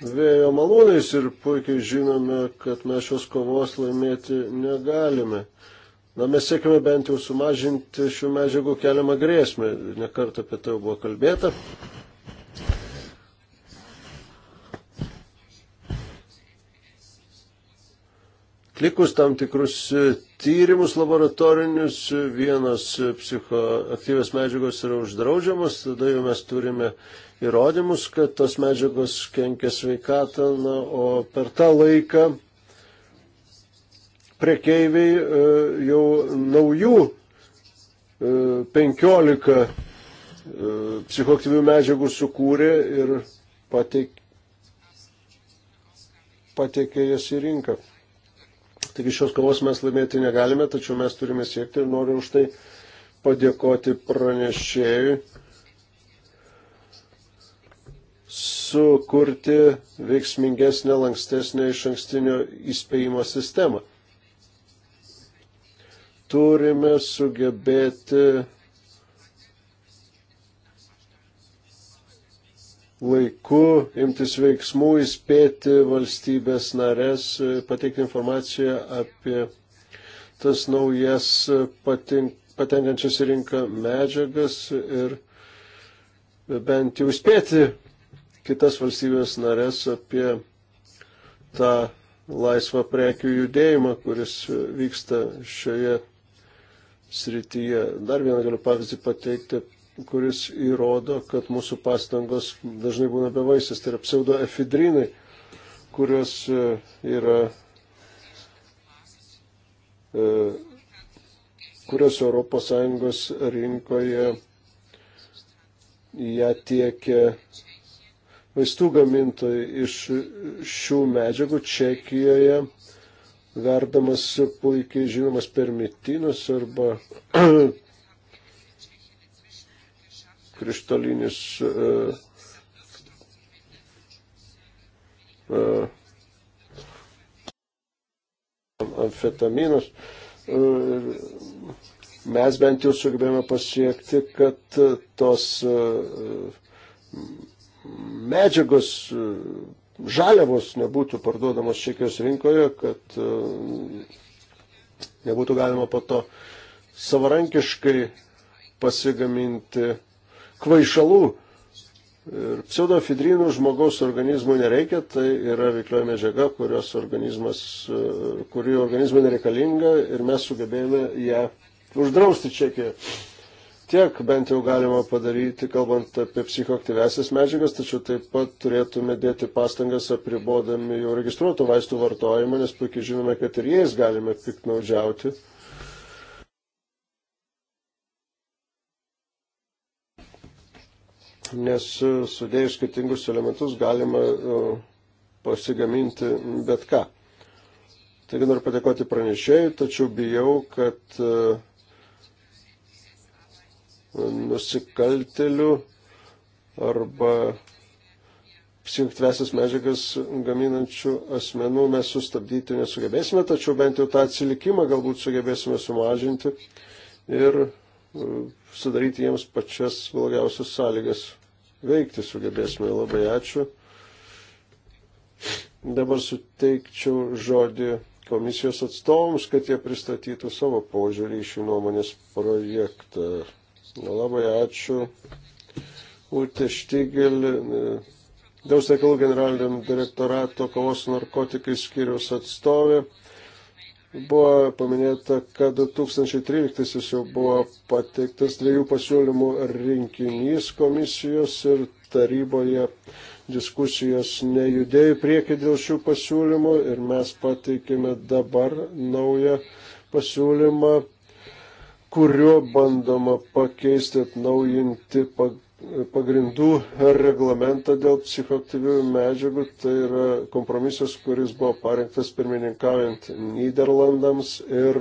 vėjo malūnais ir puikiai žinome, kad mes šios kovos laimėti negalime. Na, mes siekime bent jau sumažinti šių medžiagų keliamą grėsmę. Nekart apie tai buvo kalbėta. atlikus tam tikrus e, tyrimus laboratorinius, vienos e, psichoaktyvios medžiagos yra uždraudžiamos, tada jau mes turime įrodymus, kad tos medžiagos kenkia sveikatą, na, o per tą laiką prekeiviai e, jau naujų 15 psichoktyvių medžiagų sukūrė ir pateikė pateikė jas į rinką. Taigi šios kovos mes laimėti negalime, tačiau mes turime siekti ir noriu už tai padėkoti pranešėjui sukurti veiksmingesnę, lankstesnę iš ankstinio įspėjimo sistemą. Turime sugebėti laiku imtis veiksmų, įspėti valstybės narės, pateikti informaciją apie tas naujas patink, patenkančias į rinką medžiagas ir bent jau įspėti kitas valstybės narės apie tą laisvą prekių judėjimą, kuris vyksta šioje srityje. Dar vieną galiu pavyzdį pateikti kuris įrodo, kad mūsų pastangos dažnai būna bevaisės, tai yra pseudoefidrinai, kurios e, yra e, kurios ES rinkoje ją tiekia vaistų gamintojai iš šių medžiagų Čekijoje verdamas puikiai žinomas permitinas arba krištolinis e, e, amfetaminas. E, mes bent jau sugebėjome pasiekti, kad tos medžiagos žaliavos nebūtų parduodamos Čekijos rinkoje, kad nebūtų galima po to savarankiškai pasigaminti kvaišalų ir pseudofidrinų žmogaus organizmų nereikia, tai yra veiklioja medžiaga, kurios organizmas, e, kuri organizmui nereikalinga ir mes sugebėjome ją uždrausti čekiai. Tiek bent jau galima padaryti, kalbant apie psichoaktyvesias medžiagas, tačiau taip pat turėtume dėti pastangas apribodami jau registruotų vaistų vartojimą, nes puikiai žinome, kad ir jais galime piknaudžiauti. nes e, sudėjus skirtingus elementus galima e, pasigaminti bet ką. Taigi noriu padėkoti pranešėjai, tačiau bijau, kad e, nusikaltelių arba psichoktyvesias medžiagas gaminančių asmenų mes sustabdyti nesugebėsime, tačiau bent jau tą atsilikimą galbūt sugebėsime sumažinti ir sudaryti jiems pačias blogiausias sąlygas veikti sugebėsime. Labai ačiū. Dabar suteikčiau žodį komisijos atstovams, kad jie pristatytų savo požiūrį į šį nuomonės projektą. Labai ačiū. Ute Štigel, Daus reikalų generaliniam direktorato kovos narkotikai skiriaus atstovė. Buvo paminėta, kad 2013 jau buvo pateiktas dviejų pasiūlymų rinkinys komisijos ir taryboje diskusijos nejudėjo prieki dėl šių pasiūlymų ir mes pateikėme dabar naują pasiūlymą, kuriuo bandoma pakeisti, atnaujinti pagrindų reglamentą dėl psichoktyvių medžiagų. Tai yra kompromisas, kuris buvo parengtas pirmininkaujant Niderlandams ir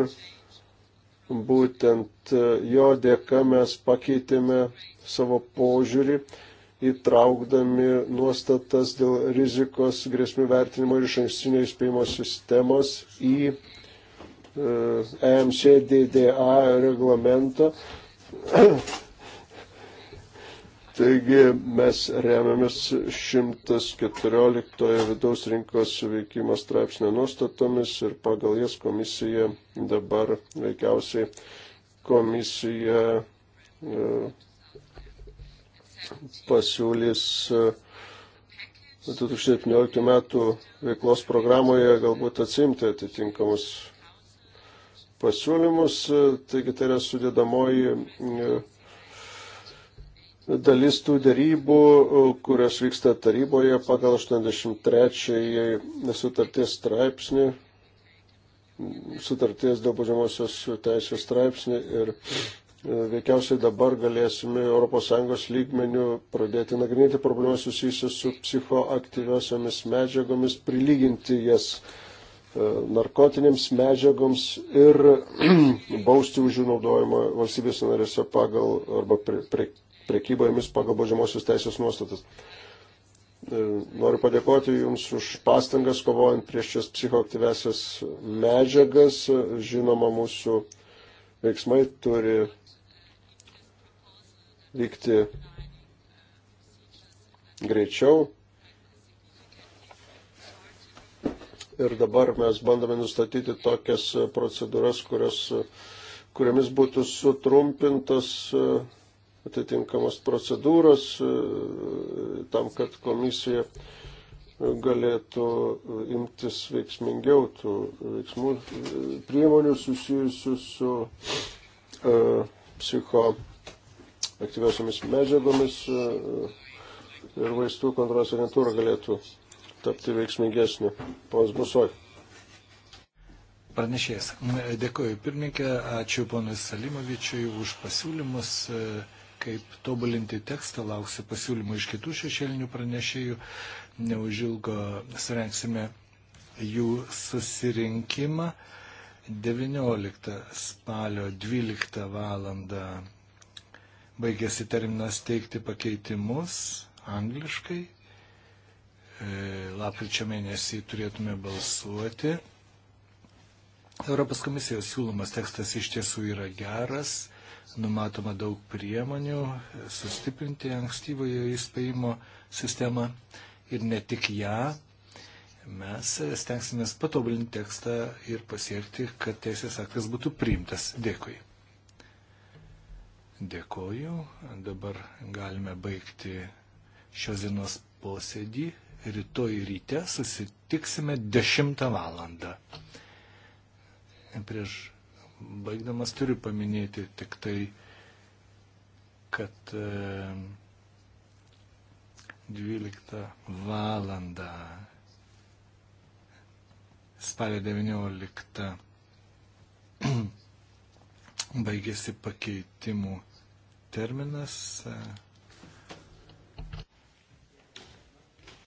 būtent jo dėka mes pakeitėme savo požiūrį įtraukdami nuostatas dėl rizikos grėsmių vertinimo ir iš ankstinio įspėjimo sistemos į EMCDDA e reglamentą. Taigi mes remiamės 114 vidaus rinkos veikimo straipsnio nuostatomis ir pagal jas komisija dabar veikiausiai komisija e, pasiūlys 2017 e, metų veiklos programoje galbūt atsimti atitinkamus pasiūlymus, taigi tai yra sudėdamoji e, dalis tų dėrybų, e, kurios vyksta taryboje pagal 83 sutarties straipsnį, sutarties dėl baudžiamosios teisės straipsnį ir e, veikiausiai dabar galėsime ES lygmenių pradėti nagrinėti problemas susijusias su psichoaktyviosiomis medžiagomis, prilyginti jas e, narkotinėms medžiagoms ir *clears throat* bausti už jų naudojimą valstybės narėse pagal arba prie, prie, prekyba jomis pagal baudžiamosios teisės nuostatas. E, noriu padėkoti Jums už pastangas kovojant prieš šias psichoaktyvesias medžiagas. Žinoma, mūsų veiksmai turi vykti greičiau. Ir dabar mes bandome nustatyti tokias procedūras, kurios, kuriamis būtų sutrumpintas uh, atitinkamas procedūras e, tam, kad komisija galėtų imtis veiksmingiau tų veiksmų e, priemonių susijusių su uh, psichoaktyviosiomis medžiagomis uh, ir vaistų kontrolės agentūra galėtų tapti veiksmingesnė. Pons Busoj. Pranešėjas. Dėkuoju pirmininkė, ačiū ponui Salimovičiui už pasiūlymus. Uh, kaip tobulinti tekstą, lauksiu pasiūlymų iš kitų šešėlinių pranešėjų. Neužilgo surenksime jų susirinkimą 19 spalio 12 valandą. Baigėsi terminas teikti pakeitimus angliškai. E, lapkričio mėnesį turėtume balsuoti. Europos komisijos siūlomas tekstas iš tiesų yra geras numatoma daug priemonių sustiprinti ankstyvojo įspėjimo sistemą ir ne tik ją. Mes stengsimės patobulinti tekstą ir pasiekti, kad teisės aktas būtų priimtas. Dėkui. Dėkoju. Dabar galime baigti šios dienos posėdį. Rytoj ryte susitiksime 10 valandą. Prieš baigdamas turiu paminėti tik tai, kad 12 e, valandą spalio 19 *clears throat* baigėsi pakeitimų terminas. E,